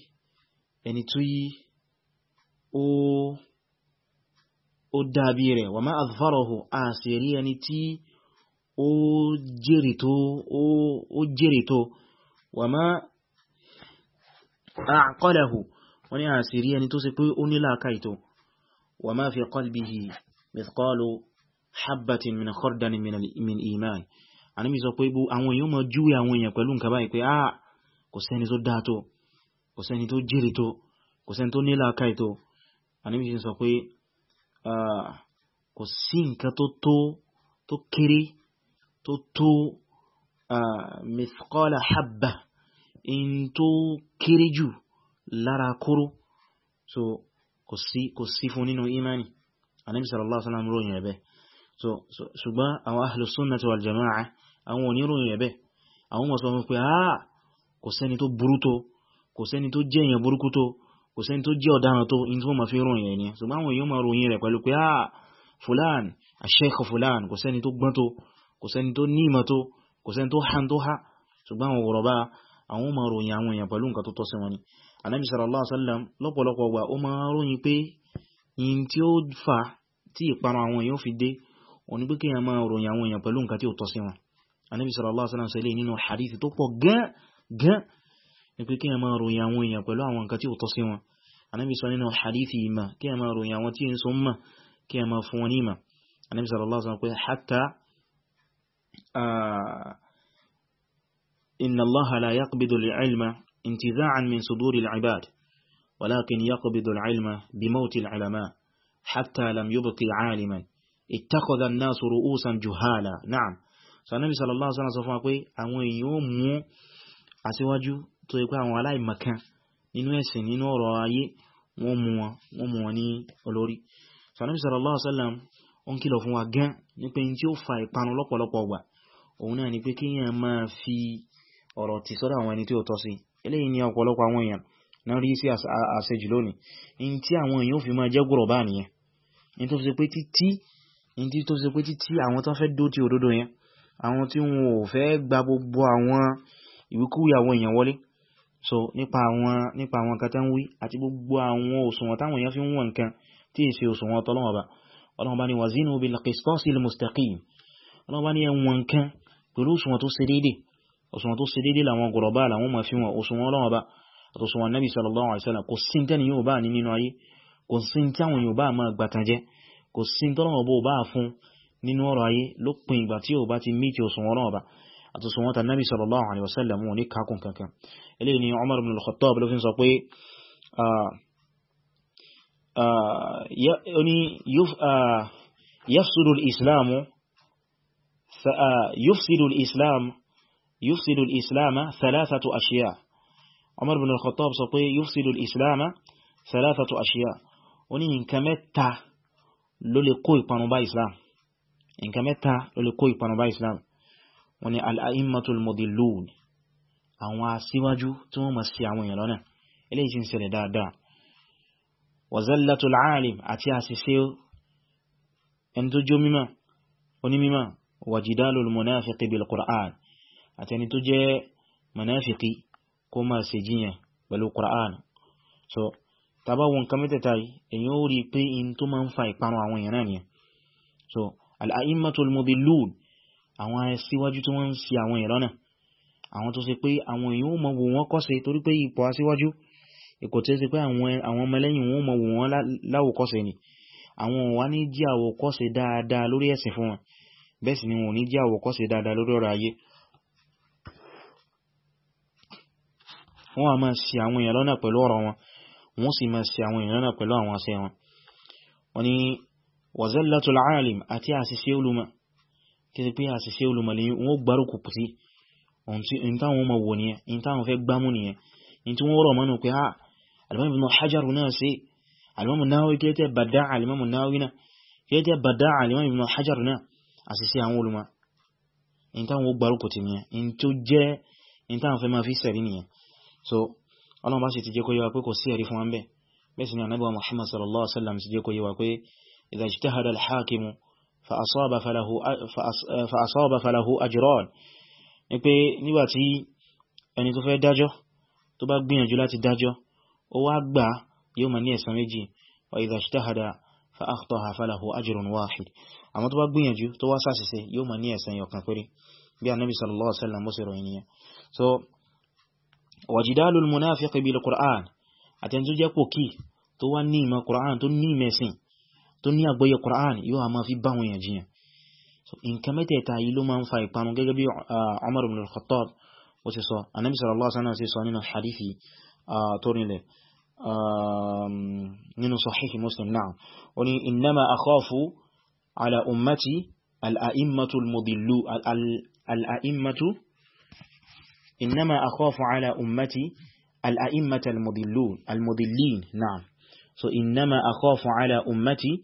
أنتي يعني أو أدابيره وما أظفره أسيري أنتي يعني أو جريتو أو جريتو وما أعقله وني أسيري أنتو يعني سكوي أني لا كيتو وما في قلبه مثقال حبة من خردن من من إيمان ànábì sọ pé àwọn èèyàn mọ̀ júwe àwọn èèyàn pẹ̀lú nǹkan báyìí pé ah kò sẹ́ni tó dáa tó kò sẹ́ni tó jèrè tó kò sẹ́ni tó nílà káì tó ànábì sọ pé ah, kò sí nǹkan tó tó tó kéré tó tó ah, mithqala habba in tó kéré jù lára kóró so kò sí kò sí fún nínú imani ànábì sallallahu alaihi wasallam ròyìn ẹ̀bẹ̀ ṣùgbọ́n àwọn ahlus sunnah wal jamaa'ah àwọn oníròyìn rẹ̀ bẹ́ àwọn mọ̀ sọ fún pé àà kò sẹ́ni tó burú tó kò sẹ́ni tó jẹ́ èèyàn burúkú tó kò sẹ́ni tó jẹ́ ọ̀daràn tó in tí wọ́n ma fi ròyìn ẹni ṣùgbọ́n àwọn èèyàn ma ròyìn rẹ̀ pẹ̀lú pé àà fulan àṣẹ́kọ̀ fulan kò sẹ́ni tó gbọ́n tó kò sẹ́ni tó nímọ̀ tó kò sẹ́ni tó hàn tó há ṣùgbọ́n àwọn wọ̀rọ̀ bá àwọn ma ròyìn àwọn èèyàn pẹ̀lú nǹkan tó tọ́ sí wọn ni Ànábì sallallahu alaihi wasallam lọ́pọ̀lọpọ̀ wà ó ma ròyìn pé in tí ó fà tí ìparun àwọn èèyàn fi dé òní pé kí èèyàn máa ròyìn àwọn èèyàn pẹ̀lú nǹkan tí ó tọ́ sí wọn النبي صلى الله عليه وسلم سيلي نينو الحديث تو بو جا جا نكوي كي يا وين يا بلو او انكاتي وتصيما النبي صلى الله عليه وسلم الحديث ما كي امارو يا وتي ثم كي فوني ما النبي صلى الله عليه وسلم حتى ان الله لا يقبض العلم انتزاعا من صدور العباد ولكن يقبض العلم بموت العلماء حتى لم يبقي عالما اتخذ الناس رؤوسا جهالا نعم so Ànábì sallallahu alaihi wasallam sọ fún wa pé àwọn èèyàn ó mú aṣíwájú tó yẹ pé àwọn aláìmọ̀kan nínú ẹ̀sìn nínú ọ̀rọ̀ ayé wọ́n mú wọn ní olórí so sallallahu alaihi wasallam ó ń kìlọ̀ fún wa gan ní pé tí ó fa ìparun lọ́pọ̀lọpọ̀ ọgbà òun náà ni pé kí èèyàn máa fi ọ̀rọ̀ tì sọ́dọ̀ àwọn ẹni tí ó tọ́ sí eléyìí ni ọ̀pọ̀lọpọ̀ àwọn èèyàn náà rí sí àṣejù lónìí in tí àwọn èèyàn ò fi máa jẹ́ gbọ́rọ̀ bá nìyẹn in tó fi pé títí àwọn tó fẹ́ dó ti òdodo yẹn àwọn tí wọn ò fẹ́ gba gbogbo àwọn ìwíkúwí àwọn èèyàn wọlé so nípa àwọn nípa àwọn nǹkan tán wí àti gbogbo àwọn òṣùwọ̀n táwọn èèyàn fi ń wọ̀n nǹkan tí è ṣe òṣùwọ̀n tọ́lọ́wọ̀n bá ọlọ́wọ̀n bá ní wazinu bil qistasil mustaqim ọlọ́wọ̀n bá ní ẹwọ̀n nǹkan pẹ̀lú òṣùwọ̀n tó ṣe dédé òṣùwọ̀n tó ṣe dédé làwọn gọ̀rọ̀bá làwọn mọ̀ fi wọn òṣùwọ̀n ọlọ́wọ̀n bá àtòṣùwọ̀n nabi sallallahu alaihi wasallam kò sí tẹ́ni yóò bá ní nínú ayé kò sí tí àwọn yóò nínú ọ̀rọ̀ ayé lópin ló pin ó bá ti mí tí ó sùn ọlọ́ọ̀bá àti sùn ta nábi sallallahu alaihi wasallam ní kakùn kankan ilé ni Umar ibn al-Khattab ló fi sọ pé yufsidu al-islam yufsidu al-islam thalathatu ashiya Umar ibn al-Khattab sọ pé yufsidu al-islam thalathatu ó ní nǹkan mẹ́ta ló lè kó ìparun bá islam nǹkan mẹ́ta ló lè kó ìpanu bá islam wọ́n ní al-a'immatul mudillun àwọn asíwájú tí wọ́n máa ṣì àwọn èèyàn lọ́nà eléyìí sì ń ṣẹlẹ̀ dáadáa wa zallatul alim àti àṣìṣe ẹni tó jó mímọ̀ onímímọ̀ wa jidalul bil qur'an àti ẹni tó jẹ́ munafiki kó máa ṣe jiyàn pẹ̀lú qur'an so tàbáwọn nǹkan mẹ́tẹ̀ẹ̀ta yìí èyàn ó rí pé in tó máa ń fa ìparun àwọn èèyàn náà nìyẹn so al-a'immatul mudillun àwọn aṣíwájú tí wọ́n ń ṣì àwọn èèyàn lọ́nà àwọn tó ṣe pé àwọn èèyàn ó mọ wò wọ́n kọ́ṣe torí pé ipò aṣíwájú ipò tí ó ṣe pé àwọn ọmọlẹ́yìn wọn ó mọ wò wọ́n láwòkọ́ṣe ni àwọn ò wá ní jẹ́ àwòkọ́ṣe dáadáa lórí ẹ̀sìn fún wọn bẹ́ẹ̀ sì ni wọn ò ní jẹ́ àwòkọ́ṣe dáadáa lórí ọ̀rọ̀ ayé wọ́n a máa ṣì àwọn èèyàn lọ́nà pẹ̀lú ọ̀rọ̀ wọn wọ́n sì máa ṣì àwọn èèyàn lọ́nà pẹ̀lú àwọn àṣẹ wọn wọ́n ni wàzẹ́lẹ̀tù al'alim àti àṣìṣe olùmọ̀ kí sí pé àṣìṣe olùmọ̀ lè wọ́n gbárùkù pùtí in táwọn ọmọ wò ní in táwọn fẹ́ gbámú ní in tí wọ́n rọ̀ mọ́nà pé ha al-Imam Ibn Hajar náà sí al-Imam Nawawi kí tẹ́ bàdá al-Imam Nawawi náà kí tẹ́ bàdá al-Imam Ibn Hajar fẹ́ máa fi so ọlọ́run bá sì ti jẹ́ kó yé wa pé kò sí ẹ̀rí fún wa ń bẹ̀ bẹ́ẹ̀ sì إذا اجتهد الحاكم فأصاب فله, فأصاب فله أجران نبي نباتي أن يتفع داجه تبا بين جلات داجه وأقبع يوم أن يسمجي وإذا اجتهد فأخطها فله أجر واحد أما تبا قبين جو توا سي يوم أن يسمي وكنفري بيع النبي صلى الله عليه وسلم وسير وينيا so وجدال المنافق بالقرآن أتنزو جاكو كي توا القرآن قرآن تنيمة سين tó ní àgbọ́yé Qur'an yóò máa fi bá wọn yàn jiyàn nǹkan mẹ́tẹ̀ẹ̀ta yìí ló máa ń fa ìparun gẹ́gẹ́ bí Umar ibn al-Khattab ó ti sọ Ànábì sallallahu alaihi wasallam ṣe sọ nínú hadithi tó rinlẹ̀ nínú sahihi Muslim náà ó ní innama akhafu ala ummati al-a'immatu al-mudillu al-a'immatu innama akhafu ala ummati al-a'immatu al-mudillu so innama akhafu ala ummati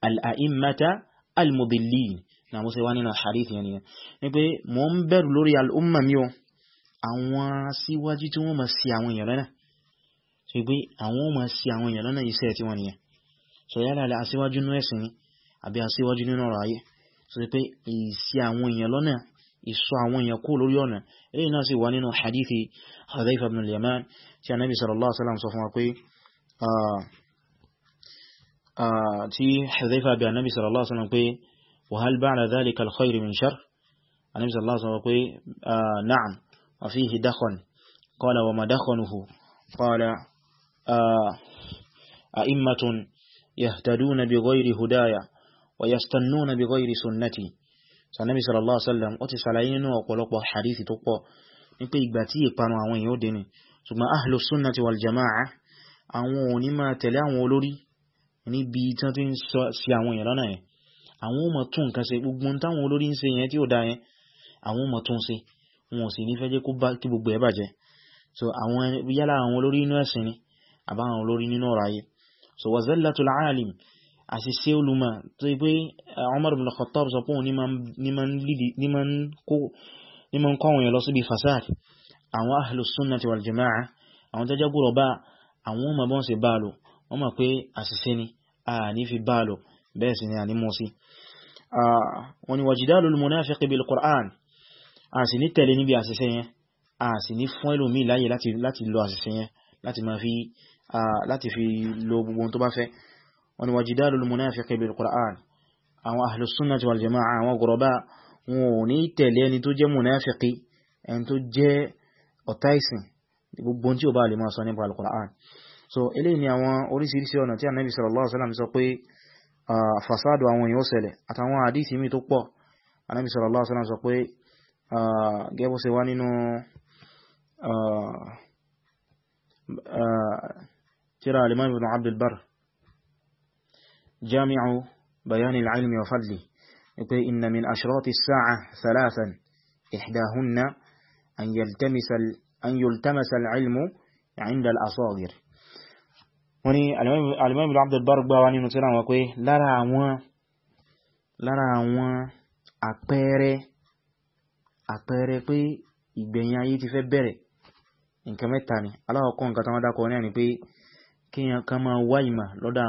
al-a'immata al-mudillin na mo se wa nínú hadith yẹn ni ni pé mo ń bẹ̀rù lórí al-umma mi o àwọn síwájú tí wọ́n ma ṣì àwọn èèyàn so pé àwọn ma ṣì àwọn èèyàn lọ́nà iṣẹ́ tí wọ́n nìyẹn so yálà la aṣíwájú nínú ẹ̀sìn ni àbí aṣíwájú nínú ọ̀rọ̀ ayé so pé ìṣì àwọn èèyàn lọ́nà ìṣọ́ àwọn èèyàn kú lórí ọ̀nà èyí náà sì wà nínú ibn al-Yaman tí Ànábì sallallahu alaihi wasallam sọ fún wa pé ah, Ah, tí Hudhayfa bi Ànábì sallallahu alaihi wasallam pé wa hal ba'da dhalika al-khayru min sharr Ànábì sallallahu alaihi wasallam pé ah, na'am wa fihi dakhan qala wa ma dakhanuhu qala ah, a'immatun yahtaduna bighayri hudaya wa yastannuna bighayri sunnati sanabi sallallahu alaihi wasallam ó ti ṣàlàyé nínú ọ̀pọ̀lọpọ̀ hadithi tó pọ̀ ní pé ìgbà tí ìparun àwọn èèyàn ó sunnati wal jama'a àwọn òní máa tẹ̀lé àwọn olórí níbi tí wọ́n ti ń ṣì àwọn èèyàn lọ́nà yẹn àwọn ò mọ̀ tún nǹkan ṣe gbogbo táwọn olórí ń ṣe yẹn tí ó da yẹn àwọn ò tún ṣe wọn ò sì ní fẹ́ jẹ́ kí gbogbo ẹ̀ bàjẹ́ so àwọn yálà àwọn olórí inú ẹ̀sìn ni àbáwọn olórí nínú ọ̀rọ̀ ayé so wa zallatul alim àṣìṣe olùmọ̀ tó yí pé eh, Umar ibn Khattab sọ pé òun ní ma ń kọ́ àwọn èèyàn lọ síbi fasad àwọn ahlus sunnati wal jama'a àwọn tẹ́jẹ́ gbúrọ̀ bá àwọn ọmọ bọ́n sì bá lò wọ́n mọ̀ pé àṣìṣe ni a ní fi bá lò bẹ́ẹ̀ sì ni a ní mú sí wọ́n ni wàjídálù al-munafiqi bil-Qur'an a sì ní tẹ̀lé níbi àṣìṣe yẹn a sì ní fún ẹlòmí láyé láti lo àṣìṣe yẹn láti máa fi láti fi lo gbogbo tó bá fẹ́ wọ́n ni wàjídálù al-munafiqi bil-Qur'an àwọn so eléyìí ni àwọn oríṣiríṣi ọ̀nà tí Ànábì sallallahu alaihi wasallam sọ pé fasadu àwọn èèyàn ṣẹlẹ̀ àtàwọn àdísì mi tó pọ̀ Ànábì sallallahu alaihi wasallam sọ pé gẹ́bọ́ ṣe wá nínú tíra al-Imam Ibn Abd al-Barr Jami'u Bayan al-Ilmi wa Fadli pé inna min ashrati as-sa'a thalathan ihdahunna an yaltamasa al wọ́n ni alimọ́bìnrin abdulbar gbá wa nínú tíra wọn pé lára àwọn lára àwọn àpẹẹrẹ àpẹẹrẹ pé ìgbẹ̀yìn ayé ti fẹ́ bẹ̀rẹ̀ nǹkan mẹ́ta ni aláwọ̀kọ́ nǹkan tánwọ́ dákọ̀ náà ni pé kíyàn kan máa wá ìmà lọ́dọ̀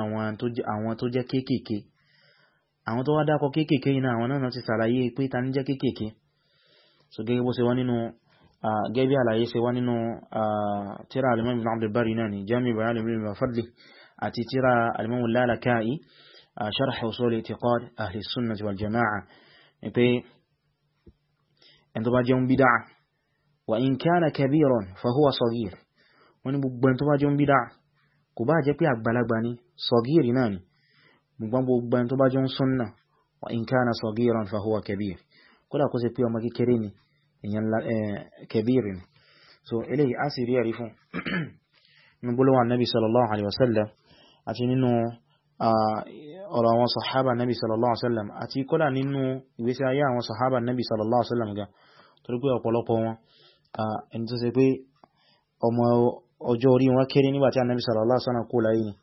àwọn tó jẹ́ kéékèèké àwọn tó wá dákọ̀ kéékèèké yìí àwọn náà ti sàlàyé pé ta ní jẹ́ kéékèèké so gẹ́gẹ́ bó ṣe wá nínú Ah, gẹ́bí àlàyé ṣe wá nínú ah, tíra alimam ibn abd al-bari náà ni jami bayan alimam ibn fadli àti tíra alimam lalaka'i a ah, sharh usul i'tiqad ahli sunnah wal jama'a ni pé ẹn tó bá jẹun bídá wa in kana kabiran fa huwa saghir wani gbogbo ẹn tó bá jẹun bídá kò bá jẹ́ pé àgbàlagbà ni saghir náà ni gbogbo tó bá jẹun sunna wa in kana saghiran fa huwa kódà kó ṣe pé ọmọ kékeré ni èyàn eh, kẹbíìrì ni so eléyìí a sì rí ẹ̀rí fún (clears throat) nígbólówà nabi sallallahu alaihi wasallam àti nínú ọ̀rọ̀ àwọn sahaba nabi sallallahu alaihi wasallam àti kọ́lá nínú ìgbésí ayé àwọn sahaba nabi sallallahu alaihi wasallam ga torí pé ọ̀pọ̀lọpọ̀ wọn ẹni tó ṣe pé ọmọ ọjọ́ orí wọn kéré nígbàtí a nabi sallallahu alaihi wasallam kó láyé ni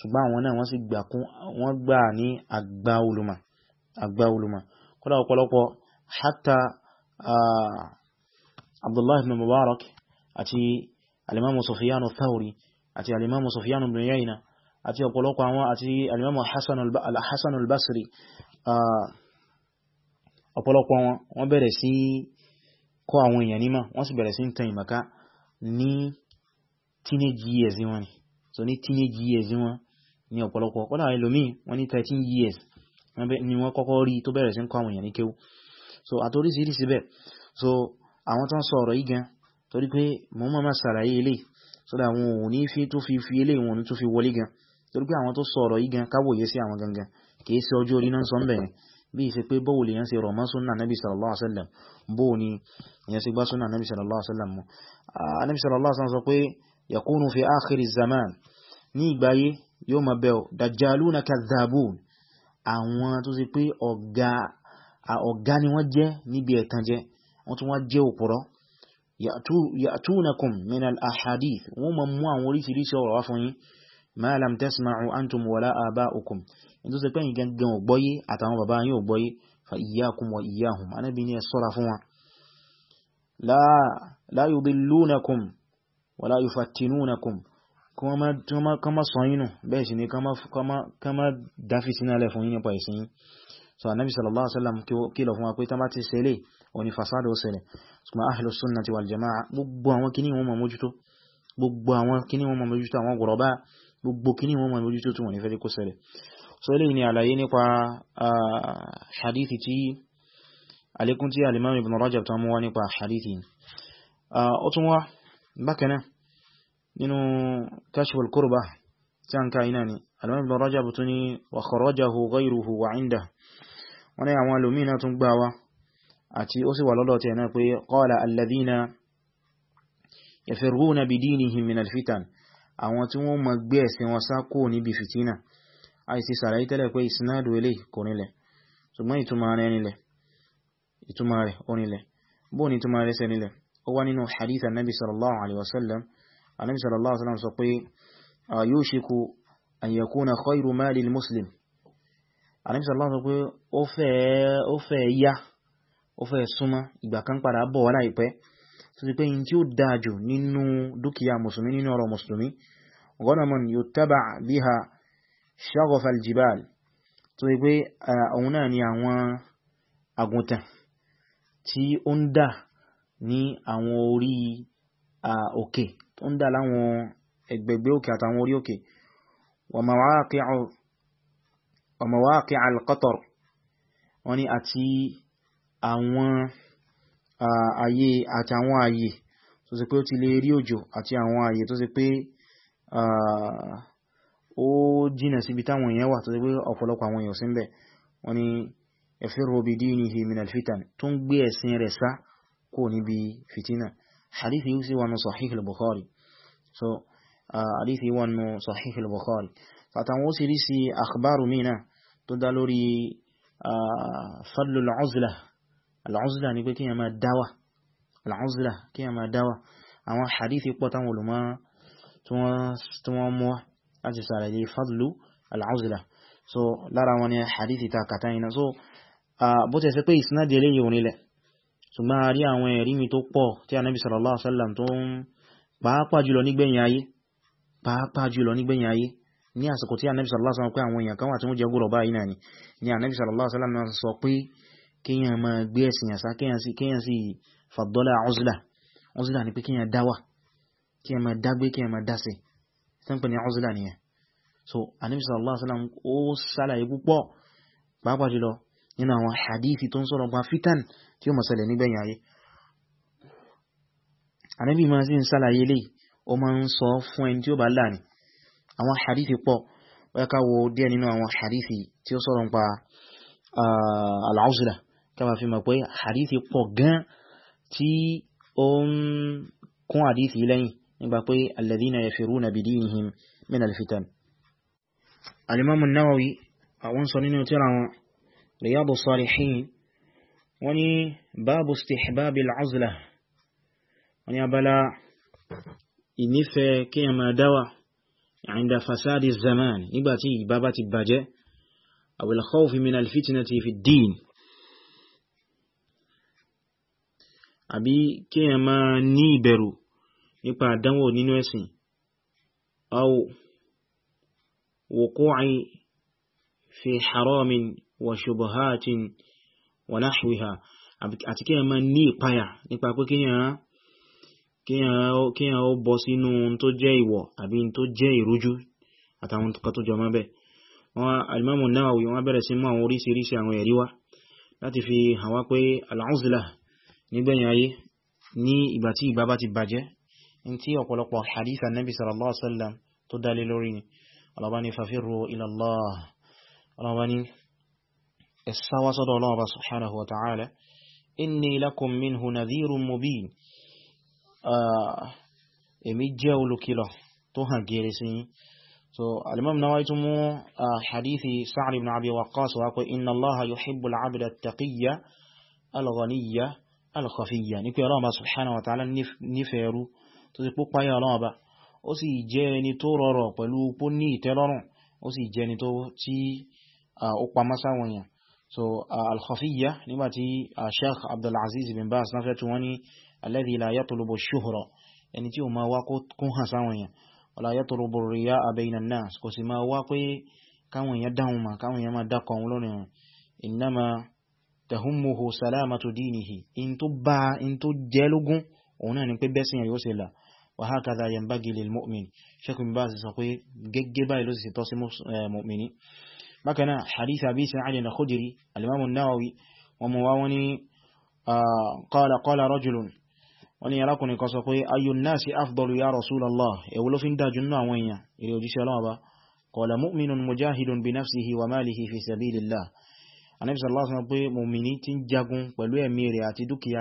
ṣùgbọ́n àwọn náà wọ́n sì gbà kún wọ́n gbà ní àgbà ulama kọ́lá ọ̀pọ̀lọpọ̀ hatta abdullahi ibn mubarak àti alimamu sufiyanu thauri àti alimamu sufiyanu ibn yaina àti ọ̀pọ̀lọpọ̀ àwọn àti alimamu hassan al-basri ọ̀pọ̀lọpọ̀ wọn wọ́n bẹ̀rẹ̀ sí kọ́ àwọn èèyàn nímọ̀ wọ́n sì bẹ̀rẹ̀ sí ń tan ìmọ̀ká ní teenage years wọn ni so ní teenage years wọn ni ọ̀pọ̀lọpọ̀ kọ́lá ẹlòmíì wọ́n ní so àtorísìírísìí bẹ́ẹ̀ so àwọn tó ń sọ ọ̀rọ̀ yìí gan torí pé mo mọ́ máa sàlàyé ilé so that wọn ò ní fi tó fi fi ilé wọn ní tó fi wọlé gan torí pé àwọn tó sọ ọ̀rọ̀ yìí gan káwòye sí àwọn gangan kìí sí ọjọ́ orí náà sọ ń bẹ̀rẹ̀ bí i ṣe pé bóò lè yán sí rọ̀mọ́ súnà nabi sallallahu alaihi wasallam bóò ni yán sí gbá súnà nabi sallallahu alaihi wasallam nabi sallallahu alaihi sọ pé yakunu fi akhiri zaman ní ìgbáyé yóò máa bẹ̀ dajjaluna kadhabun àwọn tó sì pé ọ̀gá ọ̀gá ni wọ́n jẹ́ níbi ẹ̀tànjẹ wọ́n tún wá jẹ́ òpùrọ́ ya'tunakum min al-ahadith wọ́n ma mú àwọn oríṣiríṣi ọ̀rọ̀ wá fún yín ma lam tasma'u antum wala aba'ukum in tó ṣe pé yín gangan ògbọ́yé àtàwọn bàbá yín ògbọ́yé fa iyyakum wa iyyahum anábi ni ẹ ṣọ́ra fún wa la wala yufattinunakum kama sọ yínú bẹ́ẹ̀ sì ni kama dáfi sínálẹ̀ fún yín nípa ìsìn so anabi sallallahu alaihi wasallam kìlọ̀ fún wa pé tán bá ti ṣẹlẹ̀ òní fasádà ó ṣẹlẹ̀ ṣùgbọ́n ahlus sunnati wal jama'a gbogbo àwọn kíní wọn mọ̀ mójútó gbogbo àwọn kíní wọn mọ̀ mójútó àwọn gọ̀rọ̀bá gbogbo kíní wọn mọ̀ mójútó tí wọ́n ní fẹ́ kó ṣẹlẹ̀ so eléyìí ni àlàyé nípa hadithi tí alékún tí alimam ibn rajab tán mú wá nípa hadithi ó tún wá bákanná nínú kashful kurba tí a ń ka iná ni alimam ibn rajab tún wa kharajahu ghayruhu wa indahu wọ́n ní àwọn alòmínà tún gbà wá àti ó sì wà lọ́dọ̀ tẹ̀ náà pé qala alladhina yafirruna bidinihim min alfitan àwọn tí wọ́n ma gbé ẹ̀sìn wọn sá kó níbi fìtínà àìsí sàlàyé tẹ́lẹ̀ pé ìsinádò ilé kò nílẹ̀ ṣùgbọ́n ìtumà rẹ̀ nílẹ̀ ìtumà rẹ̀ ó nílẹ̀ bó ní ìtumà rẹ̀ sẹ́ nílẹ̀ ó wá khayru malil muslim àníbìsà lọ́nà pé ó fẹ́ yá ó fẹ́ súnmọ́ ìgbà kan padà bọ̀ wá láìpẹ́ tó ti pé yìí tí ó dájò nínú dúkìá mùsùlùmí nínú ọ̀rọ̀ mùsùlùmí gọ́nàmọ̀n yóò tábà bí ha ṣàgọ́fà jìbàl tó ti pé òun náà ni àwọn àgùntàn tí ó ń dà ní àwọn orí òkè tó ń dà láwọn ẹgbẹ̀gbẹ̀ òkè àtàwọn orí òkè wà màwàá kí wa mawaqi'a al-qatar wọ́n ni àti àwọn ààyè àti àwọn ààyè tó ṣe pé ó ti lè rí òjò àti àwọn ààyè tó ṣe pé ó jìnà síbi táwọn èèyàn wà tó ṣe pé ọ̀pọ̀lọpọ̀ àwọn èèyàn sí ń wọ́n ni yafiru bi dinihi min al so hadithi wọnú sahih al-bukhari fàtàwọn ó sì tó dá lórí fadlul uzla al-uzla ni pé kíyàn máa dáwà al-uzla kíyàn máa dáwà àwọn hadithi pọ̀ táwọn olùmọ́ tí wọ́n mọ́ láti sàrẹ̀lẹ̀ fadlu al so lára wọn ni hadithi ta kàtàyìn so bó tẹ́ sẹ́ pé ìsinádìí eléyìí onílẹ̀ ṣùgbọ́n a rí àwọn ẹ̀rí mi tó pọ̀ tí Ànábì sallallahu alaihi wasallam tó ń pàápàá jùlọ nígbẹ̀yìn ní àsìkò tí Ànábì sallallahu alaihi wasallam pé àwọn èèyàn kan wà tí wọ́n jẹ́ gúrọ̀ báyìí náà ni ni Ànábì sallallahu alaihi wasallam náà sọ pé kíyàn máa gbé ẹ̀sìn àṣà kíyàn sí fàdọ́lá uzla uzla ni pé kíyàn dáwà kíyàn máa dágbé kíyàn máa dáṣe tí ní uzla nìyẹn so Ànábì sallallahu alaihi wasallam ó ṣàlàyé púpọ̀ pàápàá jùlọ nínú àwọn hadithi tó ń sọ̀rọ̀ gba fitan tí ó máa ṣẹlẹ̀ nígbẹ̀yìn ayé Ànábì máa sì ń ṣàlàyé lè ó máa ń sọ fún ẹni tí ó bá láàrin àwọn hadithi pọ̀ wọ́n ká wo díẹ̀ nínú àwọn hadithi tí ó sọ̀rọ̀ nípa al-uzla kama fi mọ̀ pé hadithi pọ̀ gan tí ó ń kún hadithi lẹ́yìn nígbà pé alladhina yafiruna bidinihim min al-fitan al-imam an-nawawi àwọn sọ kíyàmà dáwà عند فساد الزمان نيباتي باباتي باجي أو الخوف من الفتنة في الدين àbí kí ẹ máa ní ìbẹ̀rù nípa àdánwò nínú ẹ̀sìn aw wuqu'i fi haramin wa shubuhatin wa nahwiha àti kí ẹ máa ní ìpayà nípa pé kí ẹ kíyàn ó bọ́ sínú tó jẹ́ ìwọ̀ àbí tó jẹ́ ìrújú àtàwọn kan tó jọ mọ́ bẹ́ẹ̀ wọn Al-Imam Nawawi wọ́n bẹ̀rẹ̀ sí mú àwọn oríṣiríṣi àwọn ẹ̀rí wá láti fi hàn wá pé al nígbẹ̀yìn ayé ní ìgbà tí ìgbà bá ti bàjẹ́ inni lakum minhu nadhirun mubin Ah, èmi jẹ́ olùkìlọ̀ tó hàn gẹ̀rẹ̀ sí yín so alimam Nawawi tún mú ah, hadithi Sa'd ibn Abi Waqqas wá pé inna Allaha yuhibbu al-'abda at-taqiyya al-ghaniyya al-khafiyya ní pé Ọlọ́run bá subhanahu wa ta'ala nífẹ̀ẹ́rú tó ti pópa yà Ọlọ́run ó sì jẹ́ ẹni tó rọrọ̀ pẹ̀lú pó ní ìtẹ́lọ́rùn so al-khafiyya nígbàtí Sheikh Abdul Aziz bin alladhi la yatlubu ash-shuhra ẹni tí ó máa wá kún hàn sáwọn èèyàn wala yatlubu ar-riya'a bayna an-nas kò sì máa wá pé káwọn èèyàn dáhùn ma káwọn èèyàn máa dákọ̀ òun lónìí wọn innama tahummuhu salamatu dinihi in tó bá in tó jẹ́ lógún òun náà ni pé bẹ́sìn yóò ṣe là wa hakadha yanbaghi lil mu'min ṣẹ́kùn bá sì sọ pé gẹ́gẹ́ báyìí ló sì tọ́ sí eh, mu'mini bákan hadith abi sa'id al-khudri al-imam an-nawawi wa mawawani ah, qala qala rajulun wọ́n ní arákùnrin kan sọ pé ayyun nasi afdalu ya rasulallah èwo ló fi ń dájú nínú àwọn èèyàn èrè òjíṣẹ́ ọlọ́wọ́ bá qala mu'minun mujahidun bi nafsihi wa malihi fi sabilillah anabi sallallahu alaihi wasallam pé mu'mini tí ń jagun pẹ̀lú ẹ̀mí rẹ̀ àti dúkìá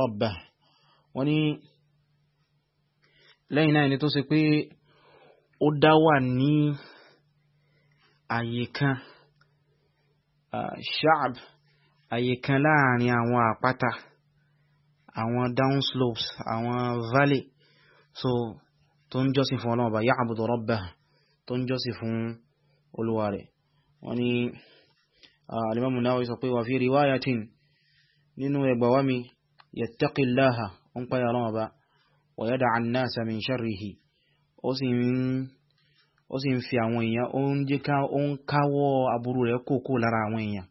rẹ̀ lẹ́yìn náà ẹni tó ṣe pé ó dá wà ní àyè kan ṣáàb àyè kan láàrin àwọn àpáta àwọn down slopes àwọn valley so tó ń jọ́sìn fún ọlọ́ọ̀bá ya'budu rabbahu tó ń jọ́sìn fún olúwa rẹ̀ wọ́n ni alimamu Nawawi sọ pé wà fi riwayatin nínú ẹgbàwámi yattaqillaha ń pàyà ọlọ́ọ̀bá ويدع الناس من شره ó sì ń fi àwọn èèyàn ó ń jẹ́ ká ó ń káwọ́ aburú rẹ̀ kókó lára àwọn èèyàn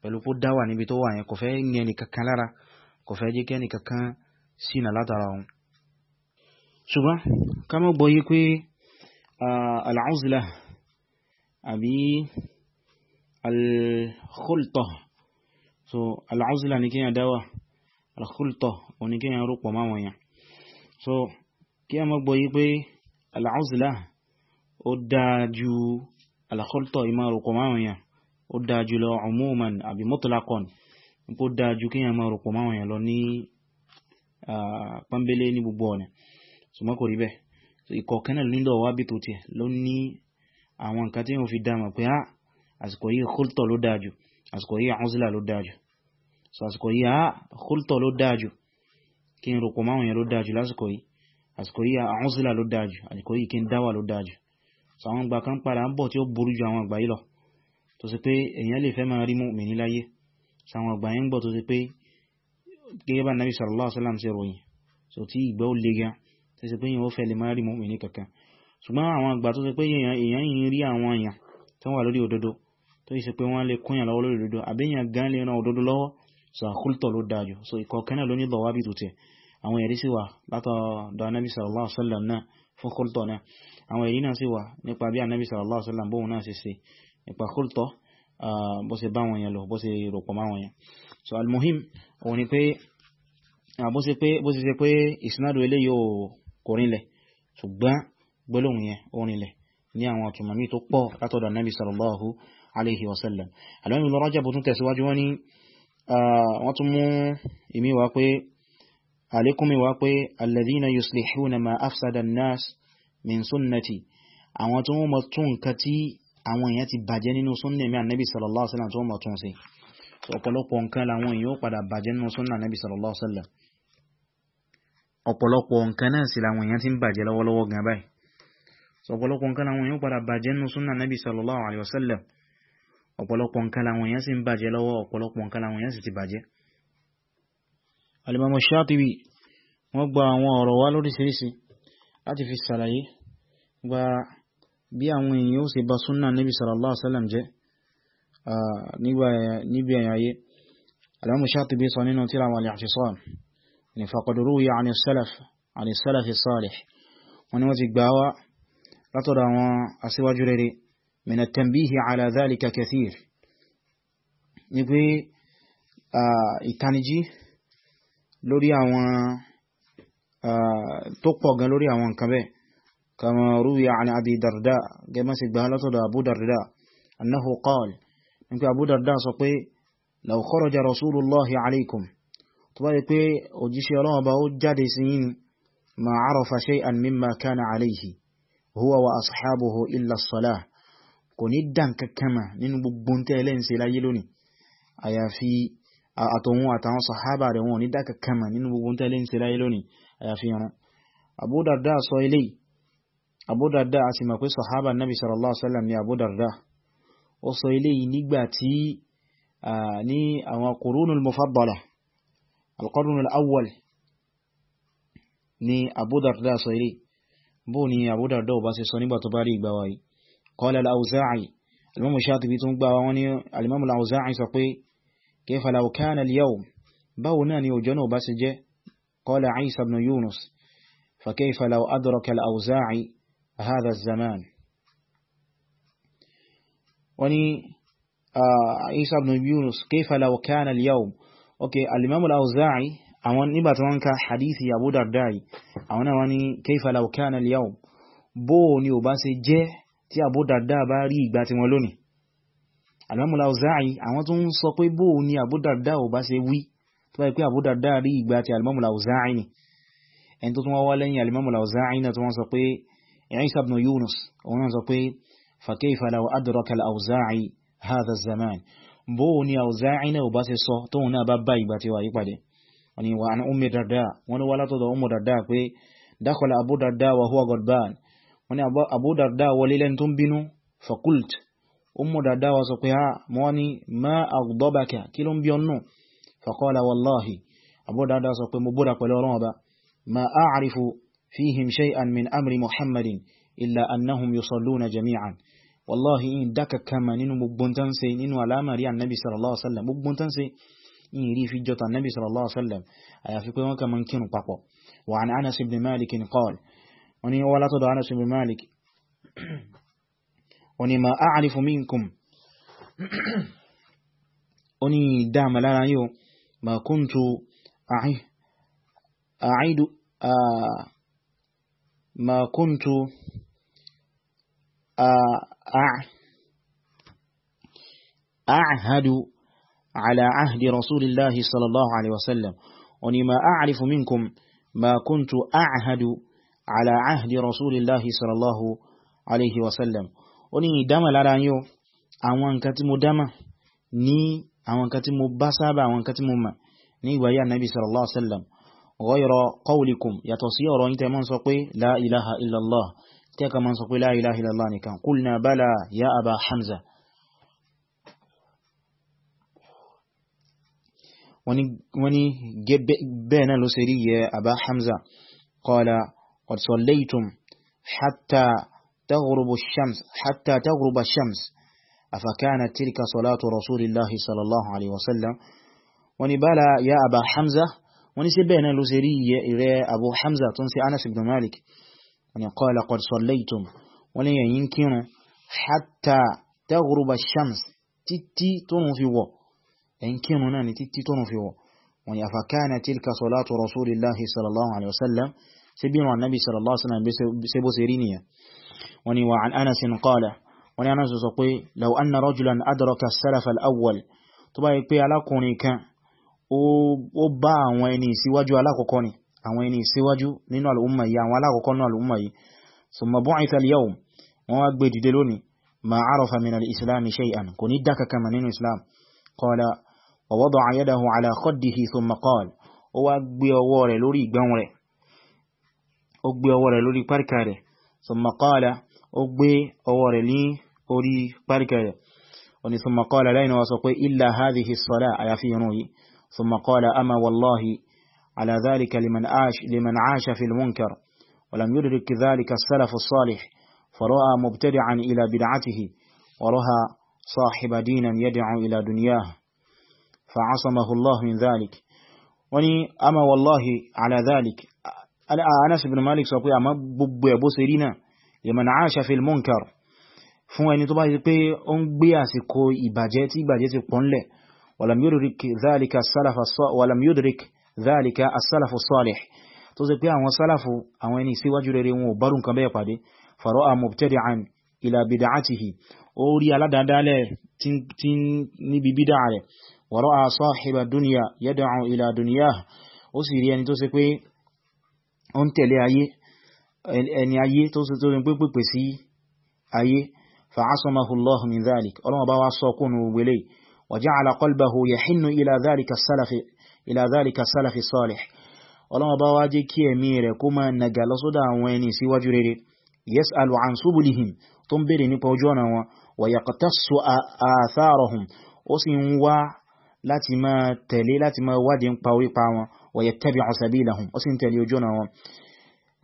pẹ̀lú kó dáwà níbi tó wà yẹn kò fẹ́ ní ẹni kankan lára kò fẹ́ jẹ́ kẹ́ni kankan sínà látara ohun ṣùgbọ́n ká mọ́ gbọ́ yí pé al àbí al so al ní kíyàn dáwà al-khulta ò rúpọ̀ máwọn èèyàn so kí a mọ́ gbọ́ yí pé al-uzla ó dáa ju al-khulta ìmọ̀rùkọ̀ máwọn yàn ó dáa jù lọ umuman àbí mutlaqan ó dáa ju kí a máa rùkọ̀ máwọn yàn lọ ní pàmbélé ní gbogbo ọ̀nà so mọ́ kò rí bẹ́ẹ̀ ìkọ̀ọ̀kan náà nílò wá bí tó tiẹ̀ ló ní àwọn nǹkan tí wọ́n fi dáa mọ̀ pé á àsìkò yìí khulta ló dáa jù àsìkò yìí uzla ló ló dáa jù kí n rọ̀pọ̀ máwọn yẹn ló dájú lásìkò yìí àsìkò yìí àwọn sílà ló dájú àsìkò yìí kí n dáwà ló dájú so àwọn ìgbà kan padà ń bọ̀ tí ó burú ju àwọn ìgbà yìí lọ tó sì pé èèyàn lè fẹ́ máa rí mùmínì láyé so àwọn ìgbà yìí ń bọ̀ tó sì pé gẹ́gẹ́ bá nàbí sallallahu alaihi wasallam ṣe ròyìn so tí ìgbà ó le gan tó sì pé èèyàn ó fẹ́ lè máa rí mùmínì kankan ṣùgbọ́n àwọn ìgbà tó sì pé èèyàn yìí rí àwọn èèyàn tó wà lórí òdodo tó sì pé wọ́n lè kúnyàn lọ́wọ́ lórí òdodo àbí gan lè ran òdodo lọ́wọ́ so àkúltọ̀ ló dájú so ìkọ̀ọ̀kan náà ló ní dọ̀wábì tó tẹ̀ àwọn ẹ̀rí sí wà látọ̀dọ̀ anábì sallallahu alaihi wasallam náà fún kúltọ̀ náà àwọn ẹ̀rí náà sí wà nípa bí anábì sallallahu alaihi wasallam bóhun náà ṣe ṣe nípa kúltọ̀ bó ṣe bá wọn yẹn lọ bó ṣe rọ̀pọ̀ má wọn yẹn so almuhim òun ní àwọn ọ̀tùmọ̀mí tó pọ̀ látọ̀dọ̀ anábì sallallahu alaihi wasallam alọ́mí lọ́rọ́jà bó tún tẹ̀síwájú wọ́n ni Ah, wọ́n tún mú ìmí wá pé àlékún mi wá pé alladhina yuslihuna ma afsada an-nas min sunnati àwọn tó mọ̀ tún nǹkan tí àwọn èèyàn ti bàjẹ́ nínú sunna mi annabi sallallahu annabi sallallahu alaihi wasallam ọ̀pọ̀lọpọ̀ nǹkan làwọn èèyàn sì ń bàjẹ́ lọ́wọ́ ọ̀pọ̀lọpọ̀ nǹkan làwọn èèyàn sì ti bàjẹ́ alimamu Shatibi wọ́n gba àwọn ọ̀rọ̀ wá lóríṣiríṣi láti fi sàlàyé gba bí àwọn èèyàn ó sì bá súnnà níbi sallallahu alaihi wasallam jẹ́ níbi ayé alimamu Shatibi sọ nínú tíra wà ní àṣìṣọ́n ni fàkọdúrú ya àni salaf àni salafi salih wọ́n ni wọ́n ti gbà wá látọ̀dọ̀ àwọn asíwájú rere من التنبيه على ذلك كثير nígbé ìtanijí lórí àwọn tó pọ̀ gan lórí àwọn nǹkan bẹ́ kama ruwiya an abi darda gẹ́mọ́ sí gbá látọ̀dọ̀ abu darda annahu qal nígbé abu darda sọ pé law kharaja rasulullahi alaikum tó bá rí pé òjíṣẹ́ ọlọ́wọ́ bá ó jáde sí yín ma arafa shay'an mimma kana alaihi huwa wa ashabuhu illa as-salah kò ní dàn kankan mà nínú gbogbo tẹ́ ẹlẹ́ ń ṣe láyé lónìí àyàfi àtọ̀hún àtàwọn sàhábà rẹ̀ wọn ní dàn kankan mà nínú gbogbo tẹ́ ẹlẹ́ ń ṣe láyé lónìí àyàfi ìrun Abu Darda sọ ilé Abu Darda a sì mọ̀ pé sàhábà nabi sallallahu alaihi wasallam ni Abu Darda ó sọ ilé yìí nígbà tí ní àwọn qurunul mufaddala al-qarnul awwal ni sọ ilé bóò ni Abu ò bá ṣe sọ nígbà tó bá rí ìgbà wáyìí قال الأوزاعي الإمام الشاطبي تنقى واني الإمام الأوزاعي سقي كيف لو كان اليوم بونان يوجنوا بسجة قال عيسى بن يونس فكيف لو أدرك الأوزاعي هذا الزمان وني آه، عيسى بن يونس كيف لو كان اليوم أوكي الإمام الأوزاعي أوان نبات وانك حديثي أبو درداي hadithi Abu كيف لو كان اليوم ní kayfa law tí Abu Darda bá rí ìgbà tí wọn lónìí alamula Auza'i àwọn tó ń sọ pé bó ní Abu Darda ò bá ṣe wí tó báyìí pé Abu Darda rí ìgbà tí alamula Auza'i ni ẹni tó tún wá wá lẹ́yìn alamula Auza'i náà tó wọ́n sọ pé Isa ibn Yunus òun náà sọ pé fakaifa law adraka al-Auza'i hadha zaman bó ní Auza'i náà ò bá ṣe sọ tóun náà bá bá ìgbà tí wà yí padà wani wa an wọ́n ni Abu Darda wọlé lẹ́ni tó ń bínú fakult Ummu Darda wa sọ pé ha mọ́ ni ma aghdabaka kí ló ń bí ọ́nà faqala wallahi Abu Darda sọ pé mo búra pẹ̀lú ọlọ́run ọba ma a'rifu fihim shay'an min amri muhammadin illa annahum yusalluna jami'an wallahi in daka kama nínú gbogbo tán ṣe nínú alamari annabi sallallahu alaihi wasallam gbogbo tán ṣe in rí fi jọta annabi sallallahu alaihi wasallam àyàfi pé wọ́n kama ń papọ̀ wa an anas ibn malik qala وني ولا تدع أنس بن مالك وني ما أعرف منكم وني دام لا يو ما كنت أعيد آه ما كنت أعهد على عهد رسول الله صلى الله عليه وسلم وني ما أعرف منكم ما كنت أعهد ala ahdi rasulillahi sallallahu alaihi wasallam ó ní ìdámà lára yóò àwọn nǹkan tí mo dámà ní àwọn nǹkan tí mo bá sábà àwọn nǹkan tí mo mà ní ìgbàyà nabi sallallahu alaihi wasallam ghayra qawlikum yàtọ̀ sí ọ̀rọ̀ yín tẹ́ mọ́ sọ pé la ilaha illallah tẹ́ ka mọ́ sọ pé la ilaha illallah nìkan qulna bala ya aba hamza wani gẹ́bẹ̀ẹ́ náà ló ṣe rí yẹ aba hamza qala قد صليتم حتى تغرب الشمس حتى تغرب الشمس أفكانت تلك صلاة رسول الله صلى الله عليه وسلم ونبالا يا أبا حمزة ونسبين لزري إلى أبو حمزة تنسي أنس بن مالك ونقال قد صليتم ولن ينكن حتى تغرب الشمس تتي تنفو ينكننا تتي تنفو ونفكان تلك صلاة رسول الله صلى الله عليه وسلم سبيل عن النبي صلى الله عليه وسلم سيبو سيرينيا وني وعن أنس قال وني أنس سقوي لو أن رجلا أدرك السلف الأول طبعا يقول لكوني كان ó bá àwọn ẹni ìsíwájú alákọ̀ọ́kọ́ ni àwọn ẹni ìsíwájú nínú al'umma yìí àwọn alákọ̀ọ́kọ́ nínú al'umma yìí summa bu'itha al-yawm wọ́n wá gbé dìde lónìí ma arafa min al-islam shay'an kò ní kama nínú islam qala wa wada'a yadahu ala khaddihi thumma qala ó wá gbé ọwọ́ rẹ̀ lórí ìgbọ̀n rẹ̀ ó gbé ọwọ́ rẹ̀ lórí párikà rẹ̀ summa qala ó gbé ọwọ́ rẹ̀ ní orí párikà rẹ̀ wọ́n ni summa qala lẹ́yìn wọ́n sọ pé illa hadhihi as-salah àyàfi irun yìí summa qala ama wallahi ala ولم يدرك ذلك السلف الصالح فرأى مبتدعا إلى بدعته ورها صاحب دينا يدعو إلى دنياه فعصمه الله من ذلك وني أما والله على ذلك Ah, Anas ibn Malik sọ pé àmọ́ gbogbo ẹ̀bó ṣe rí náà liman aasha fil munkar fún ẹni tó bá yí pé ó ń gbé àsìkò ìbàjẹ́ tí ìbàjẹ́ ti pọ̀ ńlẹ̀ walam yudrik dhalika as-salafu as-salih tó ṣe pé àwọn sálàfù àwọn ẹni síwájú rere wọn ò bárù nǹkan bẹ́ẹ̀ pàdé fara'a mubtadi'an ila bid'atihi ó rí aládàádálẹ̀ tí sì rí ẹni tó ṣe pé ó ń tẹ̀lé ayé ẹni ayé tó sì tó rí pípẹ̀ sí ayé fa'asamahu Allah min dhalik ọlọ́wọ́ bá wá sọ kúnnù gbélé wa ja'ala qalbahu yahinnu ila dhalika salafi ila dhalika salafi salih ọlọ́wọ́ bá wá jẹ́ kí ẹ̀mí rẹ̀ kó máa nàgà lọ́sọ́dọ̀ àwọn ẹni síwájú rere yas'alu an láti máa tẹ̀lé láti máa wádìí ń pa orí wọn ويتبع سبيلهم وسنت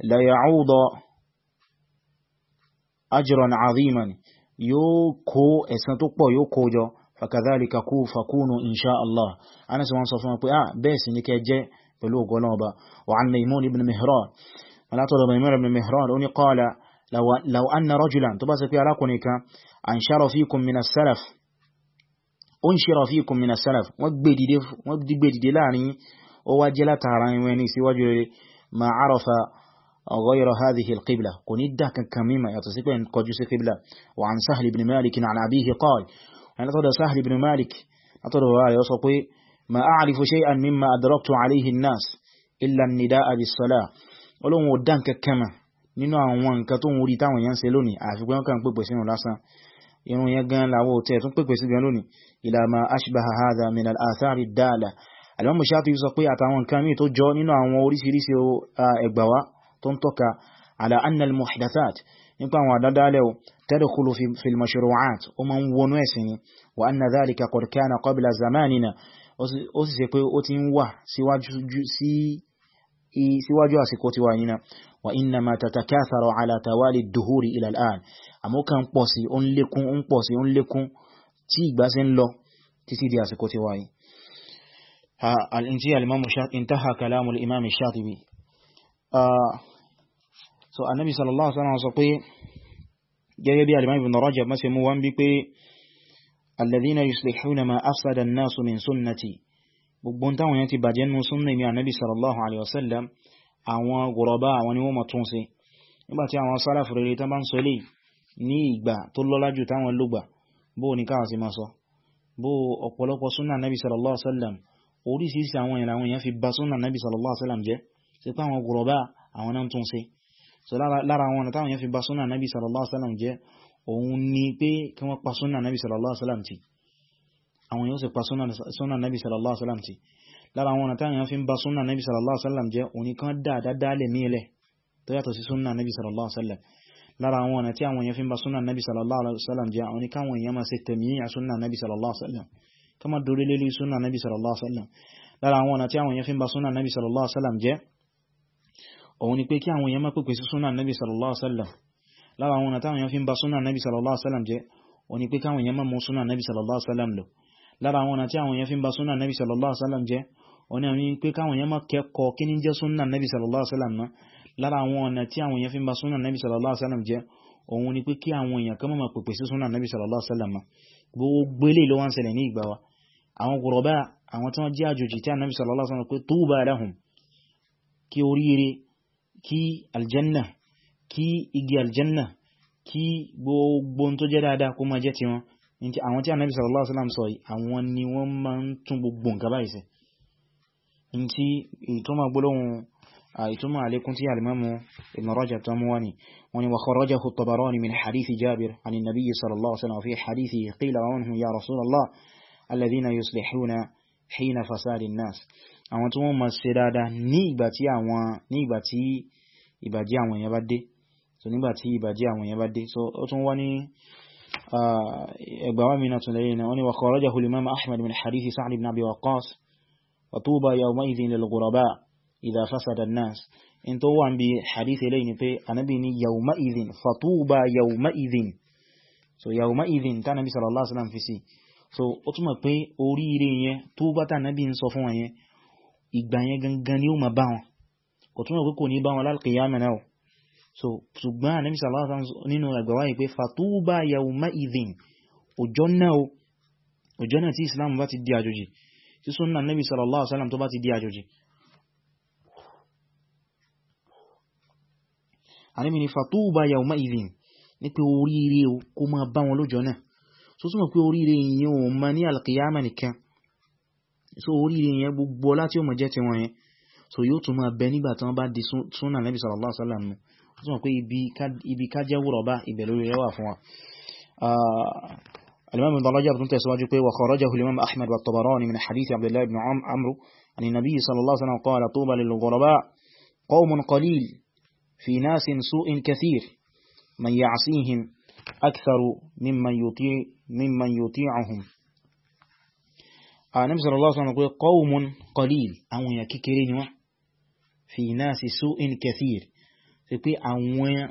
لا ليعوض أجرا عظيما يوكو اسنتوكو يوكو جو فكذلك كو فكونوا إن شاء الله أنا سوان صفوان آه بس نكي جي بلو قلوبة وعن ميمون بن مهران ولا تضب ميمون بن مهران أني قال لو, لو أن رجلا تباسك يا لكنك أنشر فيكم من السلف أنشر فيكم من السلف وقبدي دي لاني ó wá jẹ́ látara ìwẹ́ ní síwájú rere ma arafa غير هذه القبلة قندا كميما يتصيب أن قد يسي قبلة وعن سهل بن مالك عن أبيه قال أنا تقول سهل بن مالك أطلب هذا يصقي ما أعرف شيئا مما أدركت عليه الناس إلا النداء بالصلاة ولو مدان كما nínú àwọn nǹkan tó ń orí táwọn èèyàn ṣe lónìí àfikún kan pèpè sínú lásán irun yẹn gan láwọ́ tẹ́ tún pèpè sí gan lónìí ila ma ashbaha hadha min al-athari dala alimọ́mù Ṣátíbì sọ pé àtàwọn nǹkan míì tó jọ nínú àwọn oríṣiríṣi ẹgbàwá tó ń tọ́ka ala annal muhdathat nípa àwọn àdádálẹ̀ tadkhulu fil mashru'at ó ma ń wọnú ẹ̀sìn ni wa anna dhalika qad kana qabla zamanina ó sì ṣe pé ó ti ń wà síwájú àsìkò tiwa nínà wa inna ma tatakatharu ala tawali duhuri ila al'an pọ̀ sí ó ń lékún tí ìgbà ń lọ títí di àsìkò tiwa yìí الانتهى الامام انتهى كلام الامام الشاطبي so annabi sallallahu alaihi wasallam sọ pé gẹ́gẹ́ bí alimam ibn rajab ma ṣe mú wọ́n bí pé alladhina yuslihuna ma afsada an-nas min sunnati gbogbo n táwọn yẹn ti bàjẹ́ nínú súnnà mi annabi sallallahu alaihi wasallam àwọn gùrọ̀bá àwọn ni wọ́n ma tún ṣe nígbàtí àwọn sálàfù rere tán bá ń sọ lè ní ìgbà tó lọ́lá jù táwọn lógbà bó ní káwà sí ma sọ bó ọ̀pọ̀lọpọ̀ súnnà annabi sallallahu alaihi wasallam oríṣiríṣi àwọn ìlànà àwọn èèyàn fi bá súnà nàbí sallallahu alaihi wasallam jẹ́ sí pé àwọn gùrọ̀bá àwọn náà tún ṣe so lára àwọn táwọn èèyàn fi bá súnà nàbí sallallahu alaihi wasallam jẹ́ òun ni pé kí wọ́n pa súnà nàbí sallallahu alaihi wasallam ti àwọn yóò sì pa súnà nàbí sallallahu alaihi wasallam ti lára àwọn táwọn èèyàn fi bá súnà nàbí sallallahu alaihi wasallam jẹ́ òun kan dáadáa dálẹ̀ ní ilẹ̀ tó yàtọ̀ sí súnà nàbí sallallahu alaihi wasallam lára àwọn ọ̀nà tí àwọn èèyàn fi ń ba súnà nabi sallallahu alaihi wasallam jẹ́ àwọn oníkáwọn èèyàn máa ṣe tẹ̀mí à súnà nabi sallallahu alaihi kí wọ́n dórí lé súnà nabi sallallahu alaihi wasallam lára àwọn ọ̀nà tí àwọn èèyàn fi ń ba súnà nabi sallallahu alaihi wasallam jẹ́ òun ni pé kí àwọn èèyàn má pèpè sí súnà nabi sallallahu alaihi wasallam lára àwọn ọ̀nà tí àwọn èèyàn fi ń ba súnà nabi sallallahu alaihi wasallam jẹ́ òun ni pé kí àwọn èèyàn má mú súnà nabi sallallahu alaihi wasallam lò lára àwọn ọ̀nà tí àwọn èèyàn fi ń ba súnà nabi sallallahu alaihi wasallam jẹ́ òun ni pé káwọn èèyàn má kẹ́kọ̀ọ́ kí ní jẹ́ súnà nabi sallallahu alaihi náà lára àwọn ọ̀nà tí àwọn èèyàn fi ń ba súnà nabi sallallahu alaihi jẹ́ òun ni pé kí àwọn èèyàn kan má pèpè sí súnà nabi sallallahu alaihi gbogbo ilé ló wá ń ṣẹlẹ̀ ní ìgbà wa àwọn gùrọ̀bá àwọn tí wọ́n jẹ́ àjòjì tí Ànábì sallallahu alaihi wasallam pé tuba lahum kí oríire kí aljanna kí igi aljanna kí gbogbo tó jẹ́ dáadáa kó máa jẹ́ ti wọn àwọn tí Ànábì sallallahu alaihi wasallam sọ àwọn ni wọ́n máa ń tún gbogbo nǹkan báyìí ṣe ìtumọ̀ àlékún tí alimamu ibn rajab tó mú wani wani wa kharajahu at-tabarani min hadithi jabir an nabi sallallahu alaihi wasallam fi hadithi qila wa anhu ya rasulallah alladhina yuslihuna hina fasadi nas àwọn tó wọ́n ma ṣe dáadáa ní ìgbà tí àwọn ní ìgbà tí ìbàjẹ́ àwọn èèyàn bá dé so nígbà tí ìbàjẹ́ àwọn èèyàn bá dé so ó tún wá ní ẹgbàwá mìíràn tún lẹ́yìn náà wọ́n ni wa kharajahu al-imam ahmad min hadithi sa'd ibn abi waqqas wa tuba yawma'idhin lil ghuraba' idha fasada an-nas in tó wà ń bí hadith eléyìí ni pé anábì ní yawma idhin fatuba yawma idhin so yawma idhin tá anábì sallallahu alaihi wasallam fi sí so ó túnmọ̀ pé oríire yẹn tó bá tá anábì ń sọ fún wọn yẹn ìgbà yẹn gangan ni ó ma bá wọn kò túnmọ̀ pé kò ní bá wọn lálqiyama náà so ṣùgbọ́n anábì sallallahu alaihi wasallam nínú àgbàwá yìí pé fatuba yawma idhin ọjọ́ náà ọjọ́ náà tí islam bá ti di àjòjì tí sunna nabi sallallahu alaihi wasallam àníbi ni fàtúbà yàwùmá ìdìn ní pé oríire kó máa bá wọn lọ́jọ́ náà so súnmọ̀ pé oríire yìí o ma ní alkiyama nìkan so oríire yẹn gbogbo láti o mọ̀ jẹ́ ti wọn yẹn so yóò tún máa bẹ nígbà tán bá di súnà Nabi sallallahu alaihi wasallam súnmọ̀ pé ibi ká wúrọ̀ bá ibẹ̀ lórí rẹ̀ wà fún wa الإمام بن رجب تسواج بي وخرجه الإمام أحمد والطبراني من حديث عبد الله بن عمرو عن النبي صلى الله عليه وسلم قال طوبى للغرباء قوم قليل في ناس سوء كثير من يعصيهم أكثر ممن, يطيع ممن يطيعهم أنا آه، صلى الله عليه وسلم قوم قليل أو يكيكرين في ناس سوء كثير في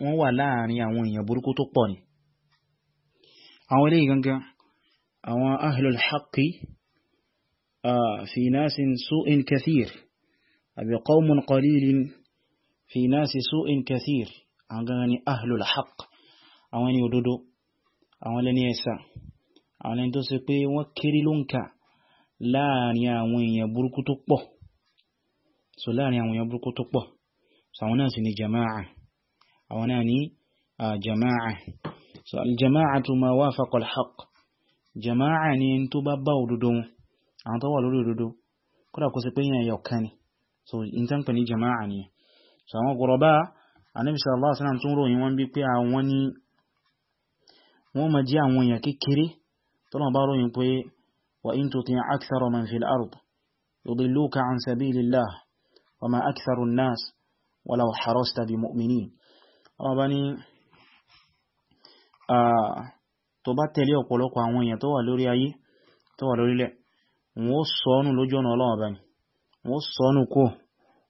أو لاني أو يبركو تقوني أو لي أو أهل الحق آه، في ناس سوء كثير أبي قوم قليل fi nasi su'in kathir àwọn gan ni ahlul haqq àwọn ẹni òdodo àwọn lẹ́ni ẹ̀sà àwọn ẹni tó ṣe pé wọ́n kéré ló ń kà láàrin àwọn èèyàn burúkú tó pọ̀ so láàrin àwọn èèyàn burúkú tó pọ̀ so àwọn náà sì ni jama'a àwọn náà ni jama'a so in tán pẹ̀ ní jama'a nìyẹn so àwọn gọ̀rọ̀bá Ànábì sallallahu alaihi wasallam tún ròyìn wọ́n bí pé àwọn ni wọ́n ma jẹ́ àwọn èèyàn kékeré tọ́nà bá ròyìn pé wa in tuti' akthara man fil ard yudilluka an sabilillah wa ma aktharu ní tó bá tẹ̀lé ọ̀pọ̀lọpọ̀ àwọn èèyàn tó wọ́n sọ́nù lójú ọ̀nà Ọlọ́run báyìí wọ́n sọ́nù kó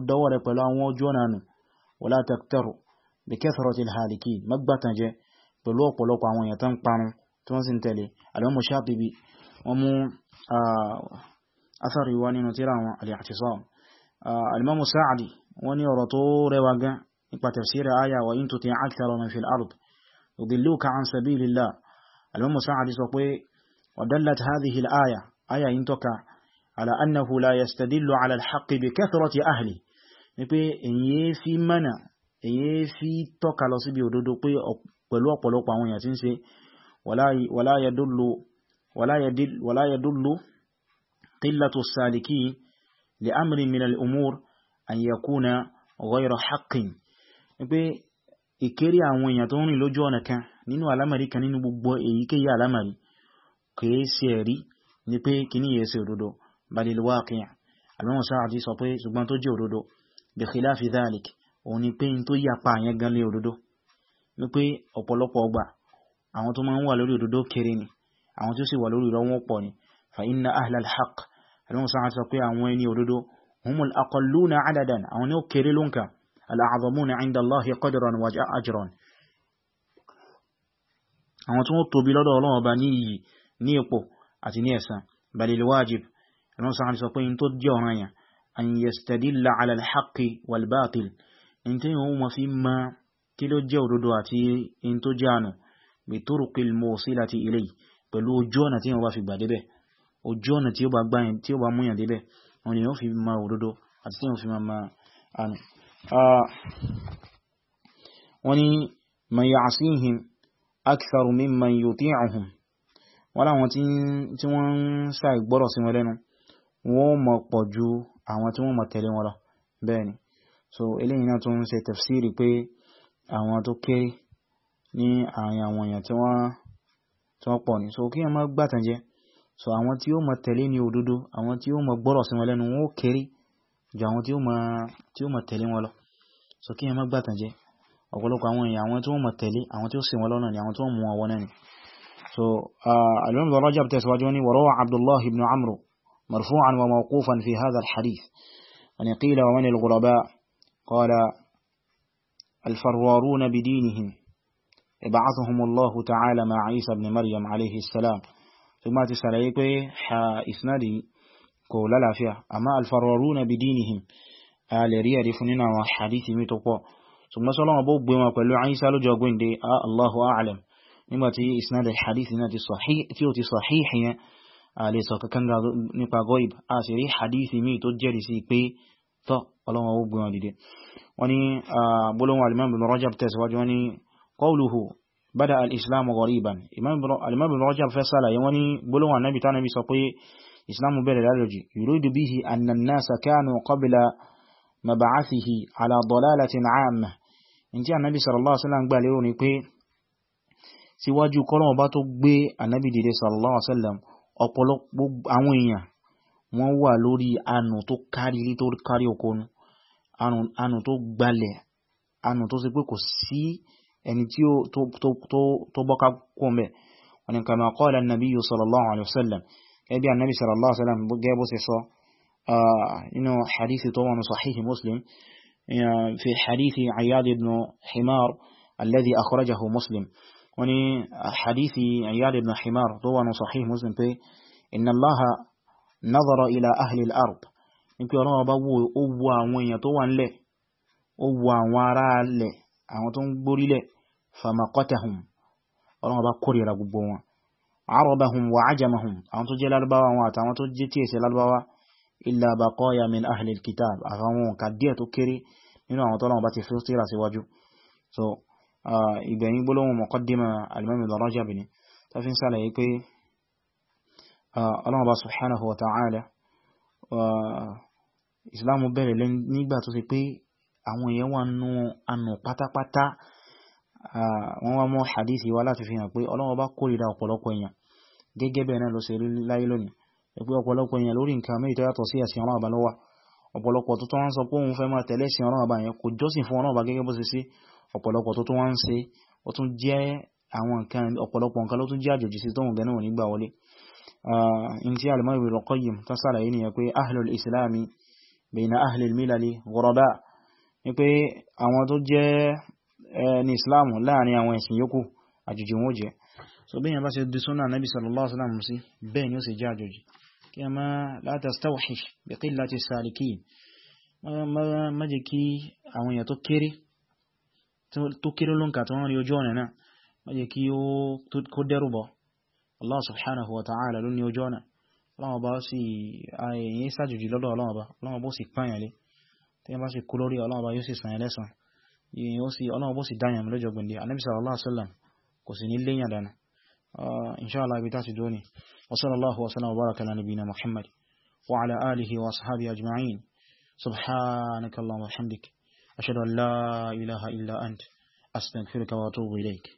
الدور يقول أن ولا تكتر بكثرة الهالكين مقبطا جاء بلوق ولوق عن ويتان قام تونسين تالي الأم شاطبي ومو آه، أثر يواني نتيرا الاعتصام آه، المامو سعد وني رطور وقع يقول تفسير آية وإن تطيع أكثر من في الأرض يضلوك عن سبيل الله الإمام سعد سقوي ودلت هذه الآية آية إن على أنه لا يستدل على الحق بكثرة أهله ni pé èyí fi mọ́nà èyí fi tọ́ka lọ síbi òdodo pé pẹ̀lú ọ̀pọ̀lọpọ̀ àwọn èèyàn tí ń ṣe wala yadullu qillatu saliki li amri min al-umur an yakuna ghayra haqqin ni pé ìkéré àwọn èèyàn tó ń rìn lójú ọ̀nà kan nínú alámàrí kan nínú gbogbo èyíkéyà alámàrí kìí ṣe ẹ̀rí ni pé kìí yẹ sí òdodo balil waqi' àlọ́wọ̀n sáà ti sọ pé ṣùgbọ́n tó jẹ́ òdodo bí khilafi dhalik òun ni pé n tó yapa àyẹn gan lé òdodo ní pé ọ̀pọ̀lọpọ̀ ọgbà àwọn tó máa ń wà lórí òdodo kéré ni àwọn tí ó sì wà lórí ìrọ́ wọn pọ̀ ni fa inna ahlal sáà sọ pé àwọn ẹni òdodo humul aqalluna adadan àwọn ni ó kéré lóǹkà al'azamuna inda allahi qadran wa ajran àwọn tí wọ́n tóbi lọ́dọ̀ Ọlọ́run ọba ní iyì ní ipò àti ní ẹ̀san balil wajib sáà sọ pé in tó jẹ́ ọ̀ranyàn an yastadilla ala al-haqqi wal-batil in tí yíò ma fi ma kí ló jẹ́ òdodo àti in tó jẹ́ ànù bi turuqil musilati ilay pẹ̀lú ojú ọ̀nà tí yíò bá fi gbà débẹ̀ ojú ọ̀nà tí ó bá gbáyìn tí ó bá múyàn débẹ̀ wọn ni yóò fi ma òdodo àti tí yíò fi ma ma ànù wọ́n ni man ya'sihim aktharu mimman yuti'uhum wọ́n láwọn tí wọ́n ń sa ìgbọ́rọ̀ sí wọn lẹ́nu wọ́n mọ̀ pọ̀ ju àwọn tí wọ́n mọ̀ tẹ̀lé wọn lọ bẹ́ẹ̀ni so eléyìí náà tún ṣe tafsiri pé àwọn tó kéré ní àárín àwọn èèyàn tí wọ́n pọ̀ ní so kí wọ́n má gbàtànjẹ́ so àwọn tí ó mọ̀ tẹ̀lé ní òdodo àwọn tí ó mọ̀ gbọ́rọ̀ sí wọn lẹ́nu wọn ó kéré ju àwọn tí ó mọ̀ tẹ̀lé wọn lọ so kí wọ́n má gbàtànjẹ́ ọ̀pọ̀lọpọ̀ àwọn èèyàn àwọn tí wọ́n mọ̀ tẹ̀lé àwọn tí ó sì wọn lọ́nà ni àwọn tí wọ́n mú wọn wọ́n náà ni so ah, al-Imam Ibn Rajab tẹ̀síwájú ní wa rawa Abdullah ibn Amru مرفوعا وموقوفا في هذا الحديث أن يعني يقيل ومن الغرباء قال الفرارون بدينهم بعثهم الله تعالى مع عيسى بن مريم عليه السلام ثم تسليك حا إسنادي قول لا فيها أما الفرارون بدينهم آل ريا رفننا وحديث متقو ثم صلى الله عليه وسلم قال عيسى لجاقين دي آه، الله أعلم نمتي إسناد الحديث نتي صحيح تيوتي صحيح àlè sọ kankan nípa goib a sì rí hadithi míì tó jẹ́rìí sí pé tọ́ ọlọ́wọ́ ó gbọ́n dìde wọ́n ni gbólóhùn alimam bin rajab tẹ̀síwájú wọ́n ni qawluhu bada al-islam ghariban alimam bin rajab fẹ́ sálàyé wọ́n ni gbólóhùn annabi ta nabi sọ pé islam bẹ̀rẹ̀ lálọ́jì yuridu bihi anna an-nasa kanu qabla mab'athihi ala dalalatin 'amma nti annabi sallallahu alaihi wasallam gbà lérò ni pé síwájú kọ́lọ́wọ́ bá tó annabi dìde sallallahu alaihi ọ̀pọ̀lọpọ̀ àwọn èèyàn wọ́n wà lórí ànù tó kárí ní tó kárí oko nu ànù tó gbalẹ̀ ànù tó ṣe pé kò sí ẹni tí ó tó bọ́ká kó mẹ́ wọn ni kama qala an-nabiyyu sallallahu alaihi wasallam ẹbí annabi sallallahu alaihi wasallam gẹ́bọ́ sí sọ ah, inú hadithi tó wọn sahihi muslim eh, fi hadithi ayyad ibn himar alladhi akhrajahu muslim wọ́n ní hadithi Iyad ibn Himar tó wà ní Sahih Muslim pé inna Allaha nazara ila ahli al-ard ní pé Ọlọ́run bá ó wo àwọn èèyàn tó wà nílẹ̀ ó wo àwọn ará lẹ̀ àwọn tó ń gbórílẹ̀ famaqatahum Ọlọ́run bá kórìíra gbogbo wọn arabahum wa ajamahum àwọn tó jẹ́ lárúbáwá wọn àtàwọn tó jẹ́ tí èsẹ̀ lárúbáwá illa baqaya min ahli al-kitab àfàwọn kàdíẹ̀ tó kéré nínú àwọn tọ́lọ́run bá ti fi ó tíra síwájú so ìgbẹ̀yìn gbólóhùn muqaddima al-Imam Ibn Rajab ni tó fi ń sàlàyé pé Ọlọ́run Ọba subhanahu wa ta'ala Islam bẹ̀rẹ̀ lẹ́ nígbà tó sì pé àwọn èèyàn wà nú anù pátápátá wọ́n wá mọ́ hadithi wá láti fi hàn pé Ọlọ́run Ọba kórìíra ọ̀pọ̀lọpọ̀ èèyàn gẹ́gẹ́ bẹ̀rẹ̀ náà ló ṣe láyé lónìí pé ọ̀pọ̀lọpọ̀ èèyàn lórí nǹkan mẹ́rin tó yàtọ̀ sí ẹ̀sìn Ọlọ́run Ọba lọ́wọ́ ọ̀pọ̀lọpọ̀ tó tọ́ wọ́n sọ pé òun fẹ́ máa tẹ̀lé ẹ̀sìn Ọlọ́run Ọba yẹn kò jọ́sìn fún Ọlọ́run Ọba gẹ́gẹ́ bó ṣe sí ọ̀pọ̀lọpọ̀ tó tún wá ń ṣe ó tún jẹ́ àwọn nǹkan ọ̀pọ̀lọpọ̀ nǹkan ló tún jẹ́ àjòjì sí tóhùn bẹ̀rẹ̀ nígbà wọlé in tí alimọ́ ìwé rọ̀kọ́yìm tó sàlàyé ni pé ahlul islami bayna ahlil milali ghuraba ni pé àwọn tó jẹ́ ní islam láàrin àwọn ẹ̀sìn yòókù àjòjì wọn jẹ́ so bí yẹn bá ṣe di súnà nabi sallallahu alaihi wasallam sí bẹ́ẹ̀ ni ó sì jẹ́ àjòjì kí a máa la tastawhish bi qillati salikin má jẹ́ kí àwọn èèyàn tó kéré tó kéré lónkà tó wọ́n rí ojú ọ̀nà náà má jẹ́ kí ó kó dẹ́rùbọ̀ Allah subhanahu wa ta'ala ló ní ojú ọ̀nà ọlọ́wọ́ bá sì ayẹyẹ sàjòjì lọ́dọ̀ ọlọ́wọ́ bá ọlọ́wọ́ bó sì pààyàn lé tí wọ́n bá sì kú lórí ọlọ́wọ́ bá yóò sì sàn ẹlẹ́sàn ọlọ́wọ́ bó sì dáyàn lọ́jọ́ gbìndé Ànábì sallallahu alaihi wasallam kò sì ní أشهد أن لا إله إلا أنت أستغفرك وأتوب إليك